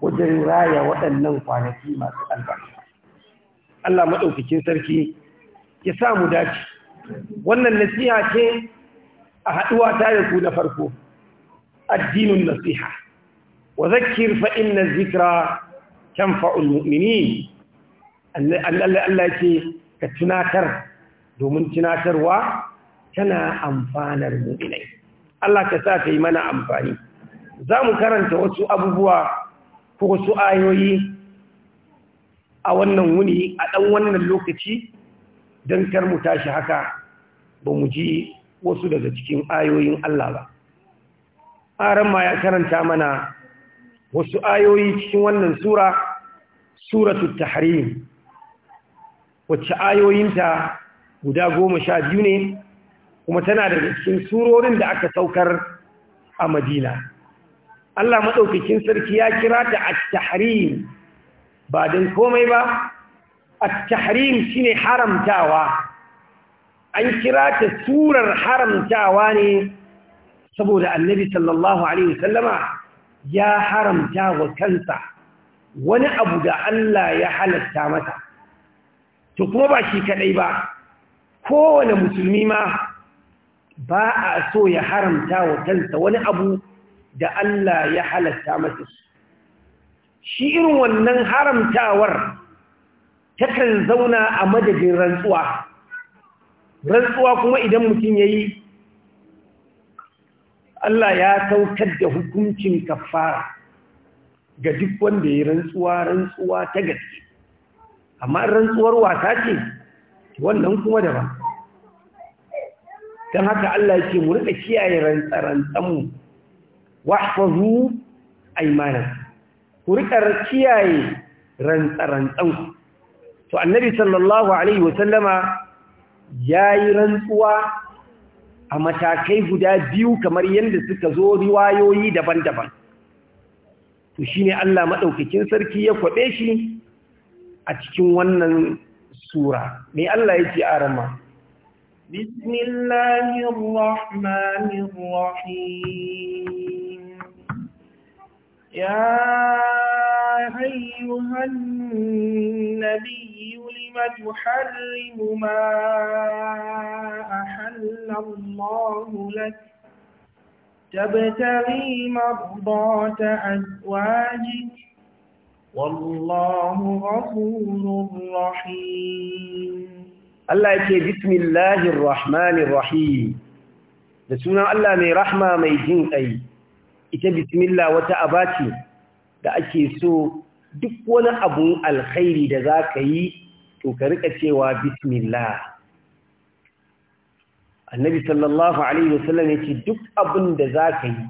wajen raya waɗannan kwanaki masu albarka Allah maɗaukakin sarki ya samu dace wannan nasiha ce a haɗuwa ta da ku na farko addinin nasiha wa zakir fa inna zikra tanfa'ul mu'minin Allah ce ka tunatar domin tunatarwa tana amfanar mu'minai Allah ka sa ta yi mana amfani za mu karanta wasu abubuwa ko wasu ayoyi a wannan wuni a ɗan wannan lokaci don kar mu tashi haka ba mu ji wasu daga cikin ayoyin Allah ba. Aran ma ya karanta mana wasu ayoyi cikin wannan Sura, Suratul Tahrim, wacce ayoyinta guda goma sha biyu ne kuma tana da cikin surorin da aka saukar a madina Allah maɗaukakin sarki ya kira ta tahrim ba don komai ba at-tahrim shine haramtawa an kira ta surar haramtawa ne saboda annabi sallallahu alaihi wasallama ya haramta wa kansa wani abu da Allah ya halatta mata. to kuma ba shi kadai ba kowane musulmi ma ba a so ya haramta wa kansa wani abu da Allah ya halatta masa shi irin wannan haramtawar takan zauna a madadin rantsuwa rantsuwa kuma idan mutum ya yi Allah ya saukar da hukuncin kafara ga duk wanda ya rantsuwa rantsuwa ta gaske amma rantsuwar wasa ce wannan kuma daban don haka Allah ce mu rika kiyaye rantsarantsanmu wahfazu aymanakum ku rika kiyaye rantsarantsanku to annabi sallallahu alaihi wa sallama yayi rantsuwa a matakai guda biyu kamar yadda suka zo riwayoyi daban-daban to shine Allah madaukakin sarki ya kwabe shi a cikin wannan sura me Allah yake arama بسم الله الرحمن الرحيم يا أيها النبي لم تحرم ما أحل الله لك تبتغي مرضات أزواجك والله غفور رحيم Allah ya ce bismillahir rahmanir rahim da sunan Allah mai rahma mai jin ƙai ita bismillah wata abaci da ake so duk wani abun alkhairi da za ka yi to ka rika cewa bismillah annabi sallallahu alaihi wasallam ya ce duk abin da za ka yi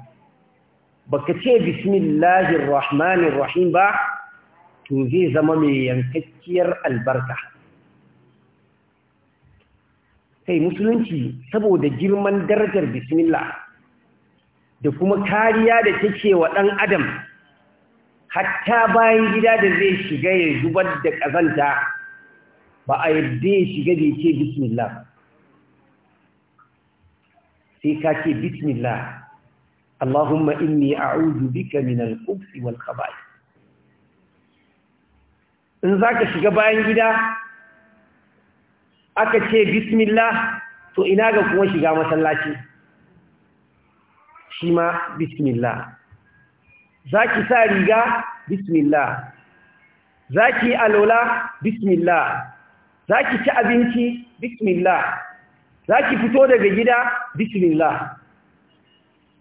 baka ce bismillahir rahmanir rahim ba to zai zama mai yankakkiyar albarka kai musulunci saboda girman darajar bismillah da kuma kariya da take wa ɗan adam hatta bayan gida da zai shiga ya zubar da ƙazanta ba a yadda ya shiga da ce bismillah sai ka ce bismillah Allahumma inni a'udhu bika min al-khubuthi wal khaba'ith in zaka shiga bayan gida aka ce bismillah to ina ga kuma shiga masallaci shi ma bismillah za ki sa riga bismillah za ki alola bismillah za ki ci abinci bismillah za ki fito daga gida bismillah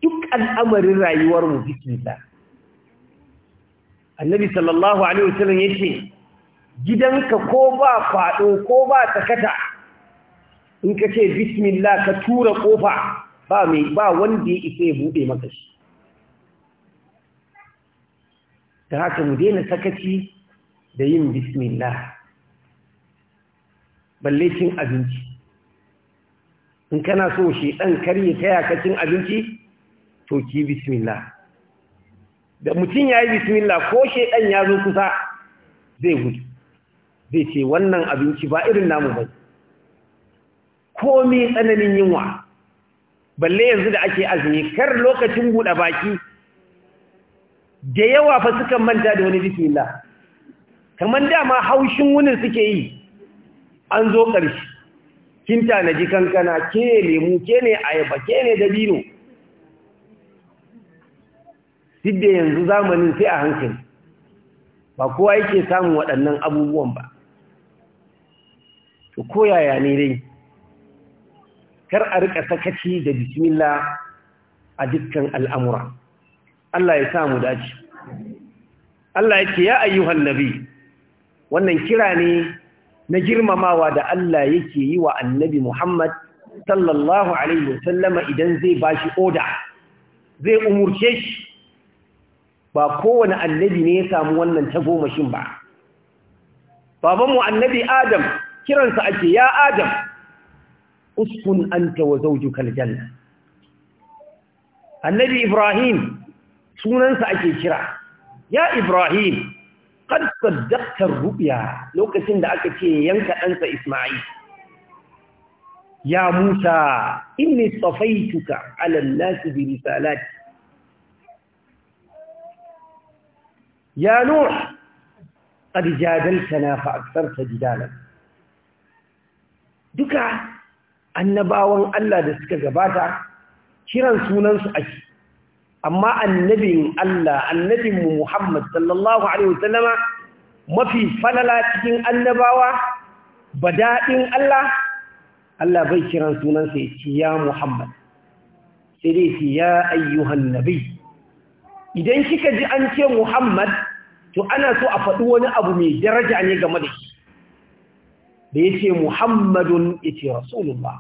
duk al'amarin rayuwarmu bismillah annabi sallallahu alaihi wasallam yace gidanka ko ba kwaɗo ko ba sakata in ka ce bismillah ka tura ƙofa ba mai ba wanda ya isa ya buɗe maka shi ta haka mu daina sakaci da yin bismillah balle cin abinci in kana so shi ɗan karye taya ka cin abinci to ki bismillah da mutum ya yi bismillah ko shi ɗan ya zo kusa zai gudu zai ce wannan abinci ba irin namu ba komai tsananin yunwa balle yanzu da ake azumi kar lokacin buɗe baki da yawa fa suka manta da wani bismillah kamar dama haushin wunin suke yi an zo ƙarshe kin ji kankana ke lemu ke ne ayaba ke ne dabino duk yanzu zamanin sai a hankali ba kowa yake samun waɗannan abubuwan ba to yaya ne dai kar a rika sakaci da bismillah a dukkan al'amura Allah ya samu dace Allah yake ya ayyuhan nabi wannan kira ne na girmamawa da Allah yake yi wa annabi Muhammad sallallahu alaihi wasallama idan zai bashi oda zai umurce shi ba kowane annabi ne ya samu wannan tagomashin ba babanmu annabi Adam kiransa ake ya adam uskun anta wa zawjuka aljanna annabi ibrahim sunansa ake kira ya ibrahim qad saddaqta ar-ru'ya lokacin da aka ce yanka ɗansa isma'il ya musa inni safaituka ala an-nasi bi risalati ya nuh قد جادلتنا فأكثرت جدالك duka annabawan Allah da suka gabata kiran sunansu ake amma annabin Allah annabinmu Muhammad sallallahu alaihi wasallama mafi falala cikin annabawa badadin Allah Allah bai kiran sunansa ya ya Muhammad sai dai ce ya ayyuhan nabi idan kika ji an ce Muhammad to ana so a faɗi wani abu mai daraja ne game da shi da ya ce muhammadun ya rasulullah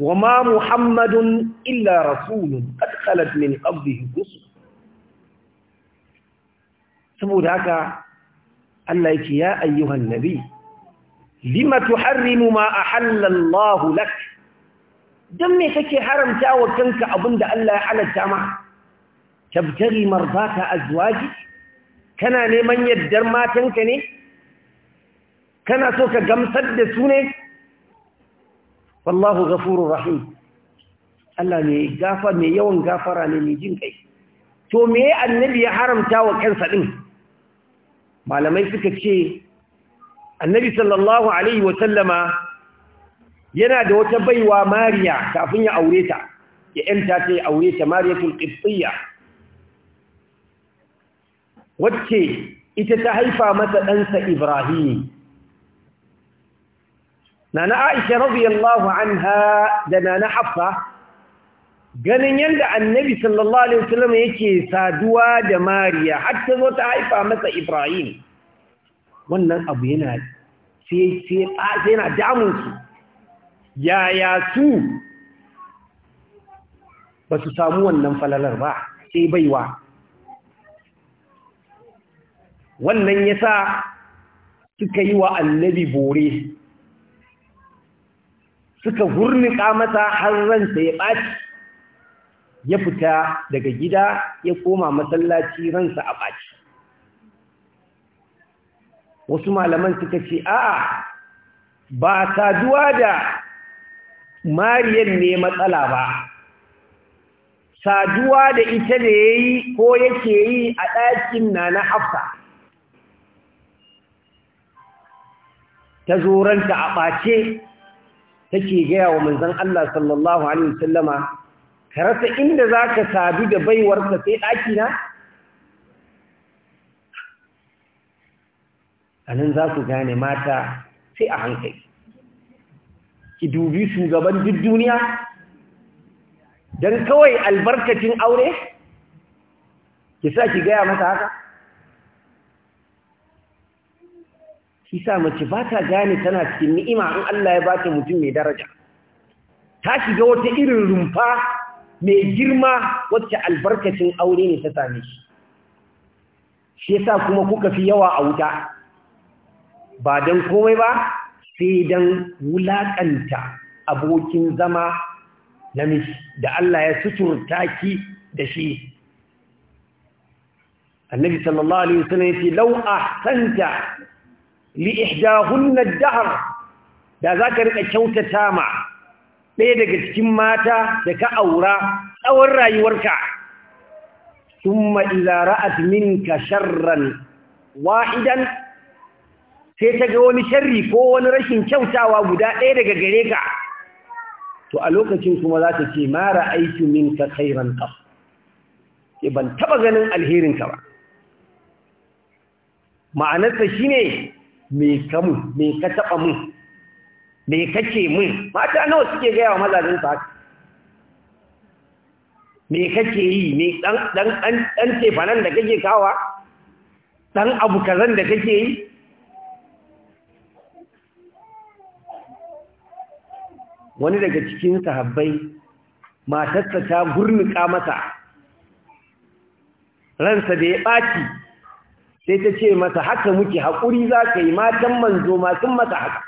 wa ma muhammadun illa rasulun ƙadƙalat min ƙabdihi gusu saboda haka Allah yake ya ayyuhan nabi lima tuharrimu ma ahalla Allah lak dan me kake haramta wa kanka abinda Allah ya halatta ma tabtari mardata azwaji kana neman yaddar matanka ne kana so ka gamsar da su ne wallahu ghafurur rahim Allah ne gafa mai yawan gafara ne mai jin kai to me annabi ya haramta wa kansa din malamai suka ce annabi sallallahu alaihi wa sallama yana da wata baiwa mariya kafin ya aure ta ya yanta ta ya aure ta mariyatul qibtiyya wacce ita ta haifa masa ɗansa Ibrahim. Nana Aisha radiyallahu anha da Nana Hafsa ganin yadda Annabi sallallahu alaihi wasallam yake saduwa da Mariya har ta zo ta haifa masa Ibrahim. Wannan abu yana sai yana damun su. Yaya su ba su samu wannan falalar ba sai baiwa. wannan ya sa suka yi wa annabi bore suka gurni masa har ransa ya ɓaci ya fita daga gida ya koma masallaci ransa a ɓaci wasu malaman suka ce a'a ba saduwa da mariyan ne matsala ba saduwa da ita ne ya yi ko yake yi a ɗakin na na hafsa ta zoranta a ɓace take gaya wa manzan Allah sallallahu Alaihi wasallama ka rasa inda za ka sadu da baiwarsa sai ɗakina? a nan za ku gane mata sai a hankali ki dubi shugaban duk duniya don kawai albarkacin aure ki sa ki gaya masa haka shi sa mace ba ta gane tana cikin ni'ima in Allah ya bata mutum mai daraja ta shiga wata irin rumfa mai girma wacce albarkacin aure ne ta same shi shi yasa kuma kuka fi yawa a wuta ba dan komai ba sai dan wulaƙanta abokin zama namiji da Allah ya suturta ki da shi annabi sallallahu alaihi wasallam yace law ahsanta li ihdahunna dahr da zaka rika kyautata ma ɗaya daga cikin mata da ka aura tsawon rayuwarka thumma idza ra'at minka sharran wahidan sai ta ga wani sharri ko wani rashin kyautawa guda ɗaya daga gare ka to a lokacin kuma za ta ce ma ra'aitu minka khairan qaf ban taba ganin alherin ka ba ma'anarsa shine me ka mu me ka taɓa mu me kake mu mata nawa suke gaya wa mazajin sa haka me kake yi me ɗan fanan da kake kawa ɗan abu kazan da kake yi wani daga cikin sahabbai matarsa ta gurnuka masa ransa da ya baci sai ta ce masa haka muke haƙuri za ka yi matan manzo masu sun masa haka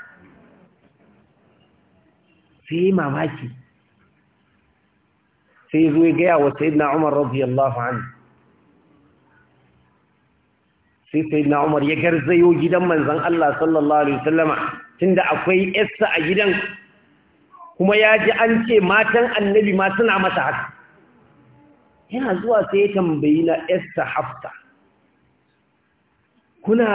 sai mamaki sai zuwa gaya wa sayyidina Umar rabbi anhu sai sayyidina Umar ya garzayo gidan manzan Allah sallallahu alaihi wasallama tunda akwai yarsa a gidan kuma ya ji an ce matan annabi ma suna masa haka yana zuwa sai ya tambayi na yarsa hafta. kuna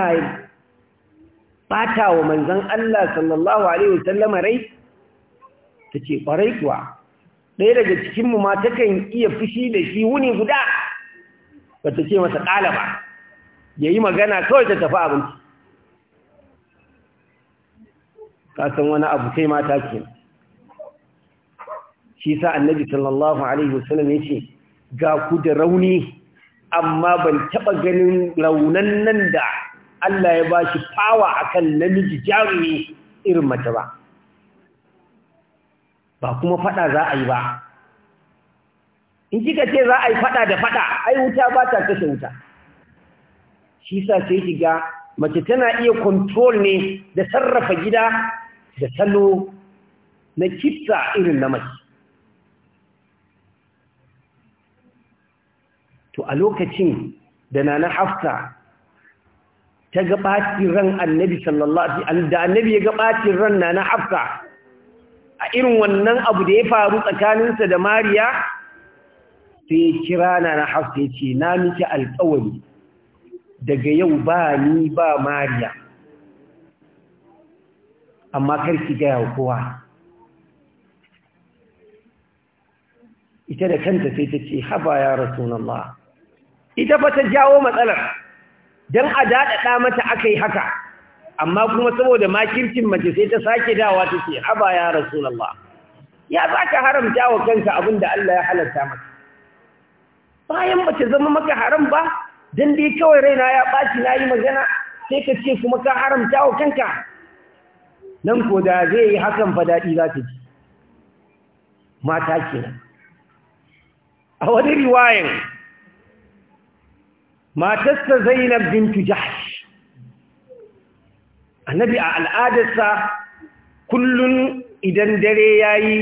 bata wa manzan Allah sallallahu alaihi wasallam rai tace kwarai kuwa ɗaya daga cikin mu ma takan iya fushi da shi wuni guda bata ce masa ƙalaba. ba yayi magana kawai ta tafi abinci ka san wani abu sai mata ke? shi sa annabi sallallahu alaihi wasallam yace ga ku da rauni amma ban taɓa ganin raunan nan da Allah ya ba shi fawa a kan namiji jarumi irin mace ba ba kuma faɗa za a yi ba in kika ce za a yi faɗa da faɗa ai wuta ba ta kashe wuta shi sa sai kiga mace tana iya kontrol ne da sarrafa gida da salo na kitsa irin na mace to a lokacin da na hafsa ta ga ran annabi sallallahu alaihi da annabi ya ga ɓacin ran nana hafsa a irin wannan abu da ya faru tsakaninsa da mariya sai kira nana hafsa ya ce na miki alƙawari daga yau ba ni ba mariya amma karki gaya kowa ita da kanta sai ta ce haba ya rasu na ita fa ta jawo matsalar don a daɗaɗa mata aka yi haka amma kuma saboda makircin mace sai ta sake dawa ta ce haba ya rasulallah ya za ka haramta wa kanka abin da Allah ya halarta maka bayan ba zama maka haram ba don dai kawai raina ya ɓaci na yi magana sai ka ce kuma ka haramta wa kanka nan ko da zai yi hakan fa daɗi za ta ji mata kenan a wani riwayan matarsa zainab bintu jahsh annabi a al'adarsa kullun idan dare yayi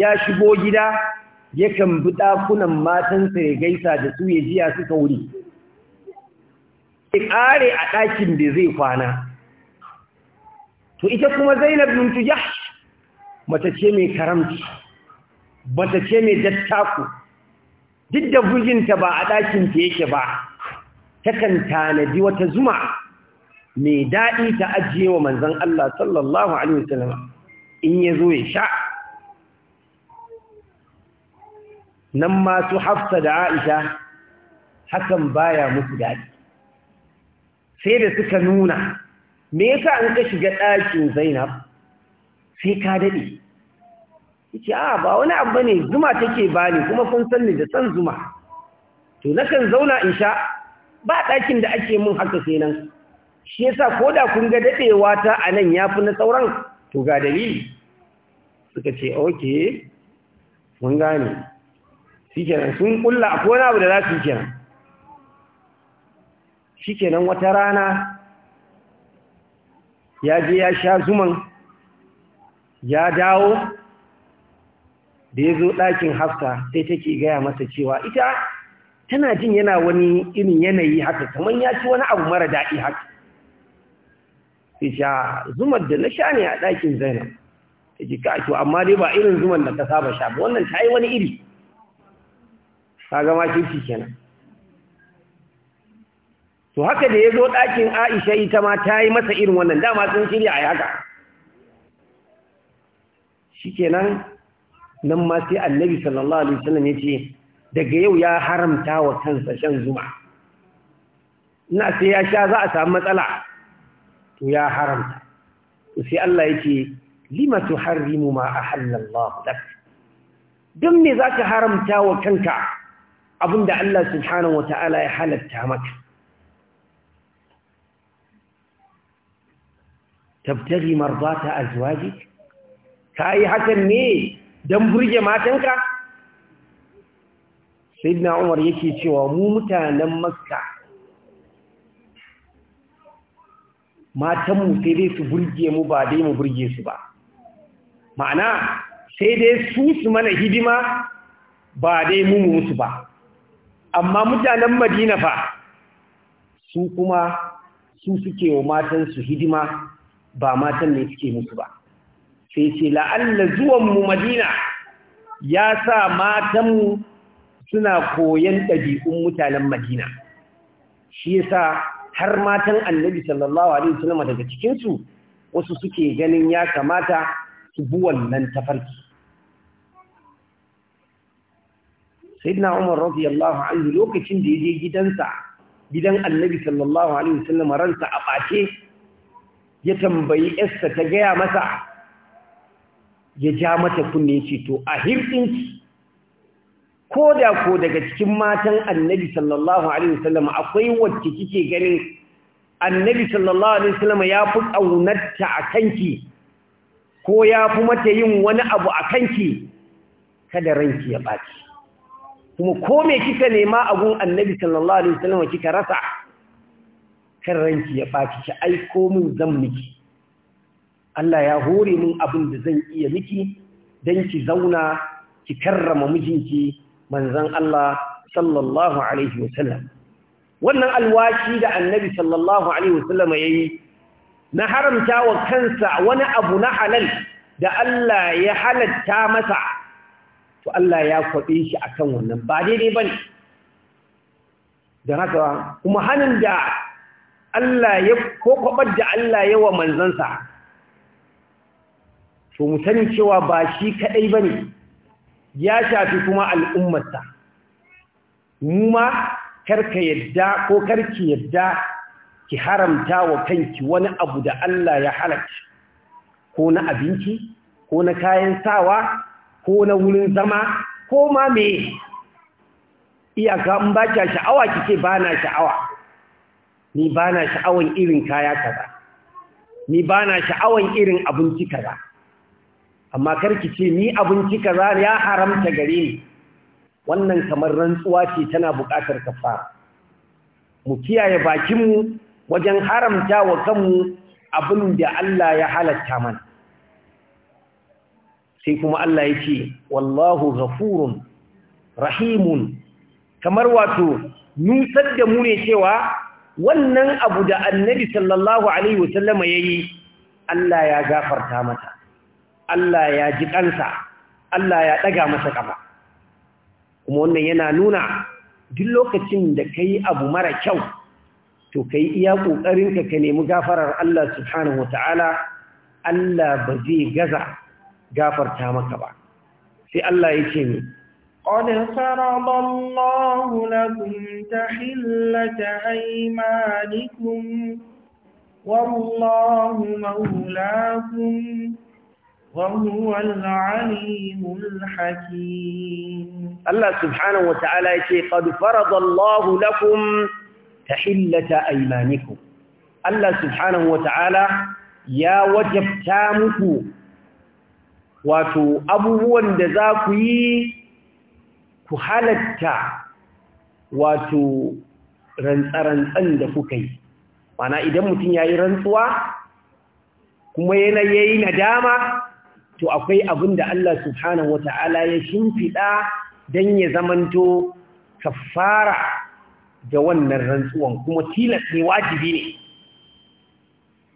ya shigo gida yakan bi ɗakunan matansa ya gaisa da su ya ji ya suka wuri ƙare a ɗakin da zai kwana to ita kuma zainab bintu jahsh matace mai karamci matace mai dattaku duk da bujinta ba a ɗakinta yake ba takan tanadi wata zuma mai daɗi ta ajiye wa manzan Allah sallallahu Alaihi wasallam in ya zo ya sha nan masu hafsa da aisha hakan baya musu daɗi sai da suka nuna me yasa an ka shiga ɗakin zainab sai ka daɗe yace a ba wani abu ne zuma take bani kuma kun san ni da san zuma to nakan zauna in sha ba ɗakin da ake mun haka sai nan shi yasa ko da kun ga dadewa ta a nan ya fi na sauran to ga dalili suka ce okay mun gane shi sun ƙulla a kona abu da za su yi kenan shi wata rana ya je ya sha zuman ya dawo da ya zo ɗakin Hafta sai take gaya masa cewa ita tana jin yana wani irin yanayi haka kamar ya ci wani abu mara daɗi haka sai sha ah, zumar da na sha ne a ɗakin zainab ta ji ka amma dai ba irin zumar da ta saba sha ba wannan ta yi wani iri ka gama kirki kenan to haka da ya zo ɗakin aisha ita ma ta yi masa irin wannan dama sun shirya a haka shi kenan nan ma sai annabi sallallahu alaihi wasallam ya ce daga yau ya haramta wa kansa shan zuma ina sai ya sha za a samu matsala to ya haramta sai Allah yake lima tuharrimu ma ahallallahu lak dan me zaka haramta wa kanka abinda Allah subhanahu wataala ya halatta maka tabtaghi mardata azwajik kai hakan ne dan burge matanka sayyidina umar yake cewa mu mutanen makka matanmu sai dai su burge mu ba dai mu burge su ba ma'ana sai dai su su mana hidima ba dai mu mutu ba amma mutanen madina fa su kuma su suke wa matansu hidima ba matan ne suke mutu ba sai ce la'alla zuwanmu madina ya sa matanmu suna koyan ɗabi'un mutanen madina shi yasa har matan annabi sallallahu alaihi wasallam daga cikinsu wasu suke ganin ya kamata su bi wannan tafarki sayyidina umar radiyallahu anhu lokacin da yaje gidansa gidan annabi sallallahu alaihi wasallam ransa a bace ya tambayi yarsa ta gaya masa ya ja mata kunne ce to a hirɗinki ko da ko daga cikin matan annabi sallallahu alaihi wasallam akwai wacce kike ganin annabi sallallahu alaihi wasallam ya fi kaunarta a kanki ko ya fi mata yin wani abu a kanki kada ranki ya baci kuma ko me kika nema abun annabi sallallahu alaihi wasallam kika rasa kan ranki ya baci ki aiko min zan miki Allah ya hore min abin da zan iya miki dan ki zauna ki karrama mijinki manzon Allah sallallahu alaihi wasallam wannan alwashi da annabi sallallahu alaihi wasallam yayi na haramta wa kansa wani abu na halal da Allah ya halatta masa to Allah ya kwabe shi a kan wannan ba daidai ne. dan haka kuma hanin da Allah ya kwaɓar da Allah ya wa manzansa to mu sani cewa ba shi ba bane ya shafi kuma al'ummarsa mu ma karka yadda ko karki yadda ki haramta wa kanki wani abu da Allah ya halarci ko na abinci ko na kayan sawa ko na wurin zama ko ma me iyaka in ba kya sha'awa kike ba na sha'awa ni ba na sha'awan irin kaya kaza ni ba na sha'awan irin abinci kaza amma karki ce ni abinci kaza ya haramta gare ni wannan kamar rantsuwa ce tana buƙatar kafa. mu kiyaye bakin mu wajen haramta wa kanmu abin da Allah ya halatta mana sai kuma Allah ya ce wallahu ghafurun rahimun kamar wato nusar da mu ne cewa wannan abu da annabi sallallahu alaihi wasallama yayi Allah ya gafarta mata Allah ya ji kansa Allah ya ɗaga masa ƙafa. kuma wannan yana nuna duk lokacin da yi abu mara kyau to yi iya kokarinka ka nemi gafarar Allah subhanahu Allah ba zai gaza gafarta maka ba sai Allah yake ni قد فرض الله لكم تحلة أيمانكم والله مولاكم وهو العليم الحكيم الله سبحانه وتعالى يقول قد فرض الله لكم تحلة أيمانكم الله سبحانه وتعالى يا وجب تامك واتو أبوان دزاكي كحالتا واتو rantsa-rantsan da kuka yi mana idan mutum ya yi rantsuwa kuma yana yayi nadama to akwai abin da Allah subhanahu wata'ala ya shimfiɗa don ya zamanto kafara da wannan rantsuwan kuma tilas ne wajibi ne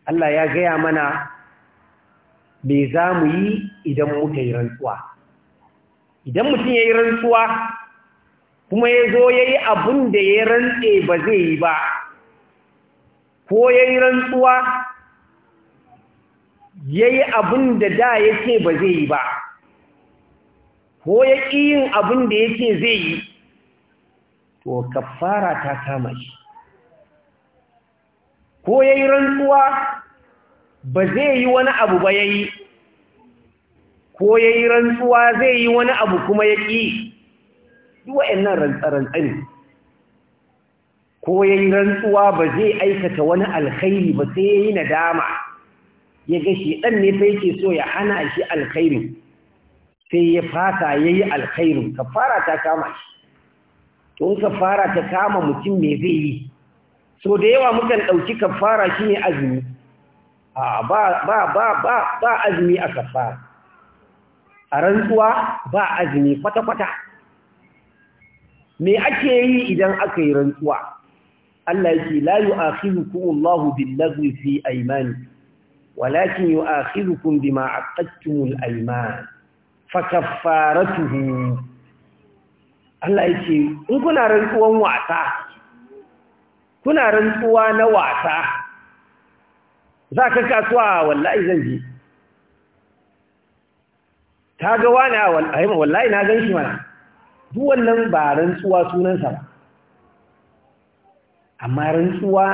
Allah ya gaya mana me za mu yi idan muka yi rantsuwa idan mutum ya yi rantsuwa kuma ya zo ya yi abin da ya rantse ba zai yi ba ko ya yi rantsuwa ya yi abin da da ya ce ba zai yi ba ko ya ƙi yin abin da ya ce zai yi to kafara ta kama shi ko ya yi rantsuwa ba zai yi wani abu ba ya yi ko ya yi rantsuwa zai yi wani abu kuma ya ƙi duwa'in nan rantsarantsa ko ya yi rantsuwa ba zai aikata wani alkhairi ba sai ya yi nadama ya ga shi ɗan ne fa yake so ya hana shi alkhairin sai ya fasa ya yi alkhairin kafara ta kama shi to in kafara ta kama mutum me zai yi so da yawa mukan ɗauki kafara shi ne azumi ba ba ba ba azumi a kafara a rantsuwa ba azumi kwata-kwata me ake yi idan aka yi rantsuwa Allah yake la yu'akhidukum Allahu bil fi aymanikum walakin يؤاخذكم بما عقدتم الايمان فكفارته الله Allah ان in kuna rantsuwan wasa kuna rantsuwa na wasa za ka kasuwa wallahi zan ta ga wani a wallahi na ganshi mana duk wannan ba rantsuwa sunansa ba amma rantsuwa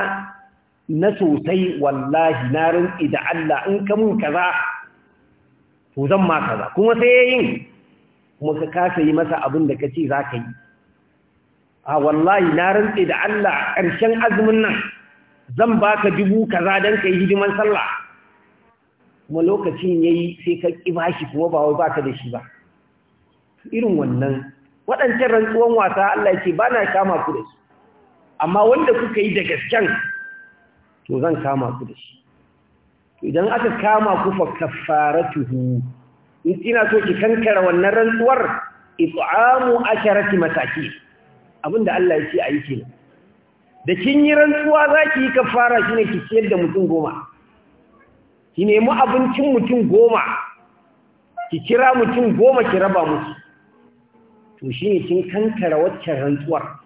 na sosai wallahi na rantsi da Allah in ka mun kaza to zan ma kaza kuma sai ya yi kuma ka kasa yi masa abin da ka ce za ka yi a wallahi na rantsi da Allah ƙarshen azumin nan zan baka dubu kaza ka yi hidiman sallah kuma lokacin ya yi sai ka kiba shi kuma ba wai ka da shi ba irin wannan waɗancan rantsuwan wasa Allah ya ce ba na kama ku da su amma wanda kuka yi da gasken to zan kama ku da shi idan aka kama ku fa kaffaratuhu in kina so ki kankara wannan rantsuwar it'amu asharati mataki abinda Allah ya ce a kenan da kin yi rantsuwa zaki yi kaffara shine ki ciyar da mutum goma ki nemi abincin mutum goma ki kira mutum goma ki raba musu to shine kin kankara waccan rantsuwar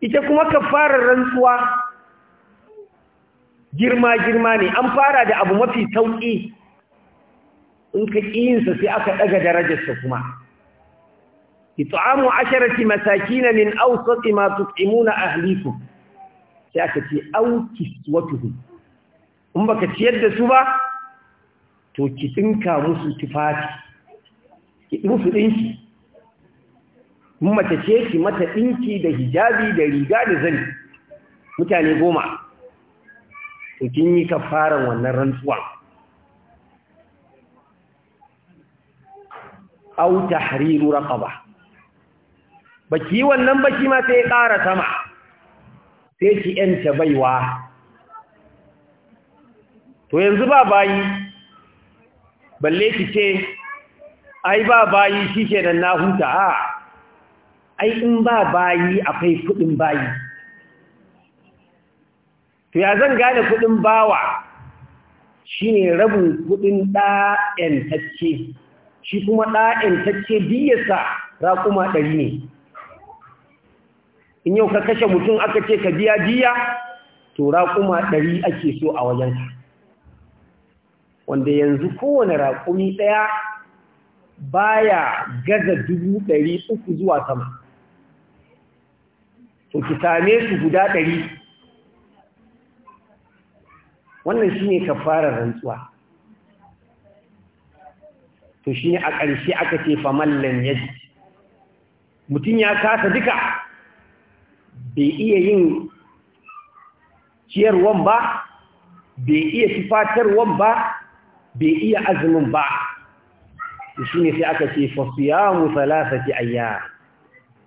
ita kuma kafarar rantsuwa girma-girma ne an fara da abu mafi sauƙi in ka ƙiyinsa sai aka ɗaga darajarsa kuma it'amu asharati masakina min awsati ma tut'imuna ahlikum sai aka ce au kiswatuhum in baka ciyar da su ba to ki dinka musu tufafi ki musu dinki Kuma mace ce ki mata dinki da hijabi da riga da zani mutane goma to kin yi kafaran wannan rantsuwa. au tahriru raqaba baki wannan baki ma sai ƙara sama sai ki yanta baiwa to yanzu ba bayi balle ki ce ai ba bayi shikenan na huta a ai in ba bayi akwai kudin bayi to ya zan gane kuɗin bawa shine rabin kuɗin ɗa'yan tacce shi kuma ɗa'yan tacce biyarsa raƙuma ɗari ne in yau ka kashe mutum aka ce ka biya biya to raƙuma ɗari ake so a wajen ka. wanda yanzu kowane raƙumi ɗaya baya gaza dubu ɗari uku zuwa sama to ki same su guda ɗari wannan shi ne kafara rantsuwa to shi ne a ƙarshe aka ce famallan ji mutum ya kasa duka bai iya yin ciyarwan ba bai iya tufatarwan ba bai iya azumin ba shi ne sai aka ce fasiyamu salasati ayya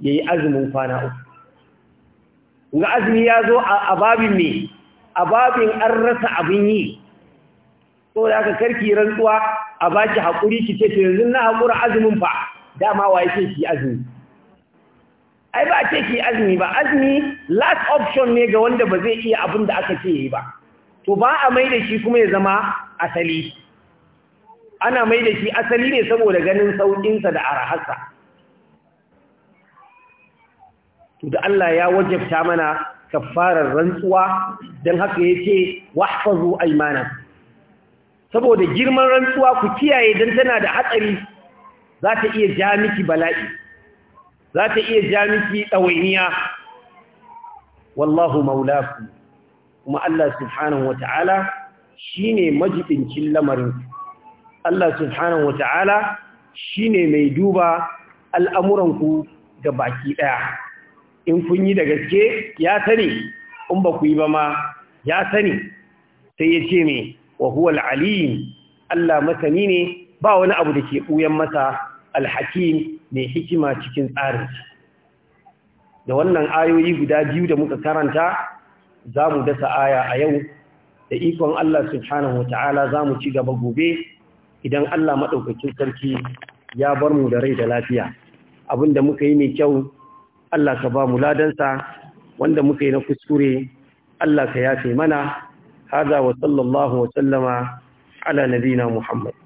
yi azumin kwana uku ga azumi ya zo a babin mai. a babin an rasa abin yi so da aka karki rantsuwa a baki haƙuri ki ce to yanzu na haƙura azumin fa dama wa ce ki azumi ai ba ce ki azumi ba azumi last option ne ga wanda ba zai iya abin da aka ce yayi ba to ba a mai da shi kuma ya zama asali ana mai da shi asali ne saboda ganin sauƙinsa da arahasa to da Allah ya wajabta mana kafarar rantsuwa don haka ya ce wahfazu aimana saboda girman rantsuwa ku kiyaye don tana da hatsari za ta iya ja miki bala'i za ta iya ja miki ɗawainiya wallahu maulaku kuma Allah subhanahu wa ta'ala shi ne majibincin lamarin Allah subhanahu wa ta'ala shi ne mai duba al'amuranku ga baki ɗaya in kun yi da gaske ya sani in ba ku yi ba ma ya sani sai ya ce me wa huwa al Allah masani ne ba wani abu da ke buyan masa al mai hikima cikin tsarin da wannan ayoyi guda biyu da muka karanta za mu dasa aya a yau da ikon Allah subhanahu wata'ala za mu ci gaba gobe idan Allah maɗaukakin sarki ya bar mu da rai da lafiya abinda muka yi mai kyau Allah ka ba mu ladansa wanda muka yi na kuskure Allah ka yafe mana hada wa sallallahu wa sallama ala nabina Muhammad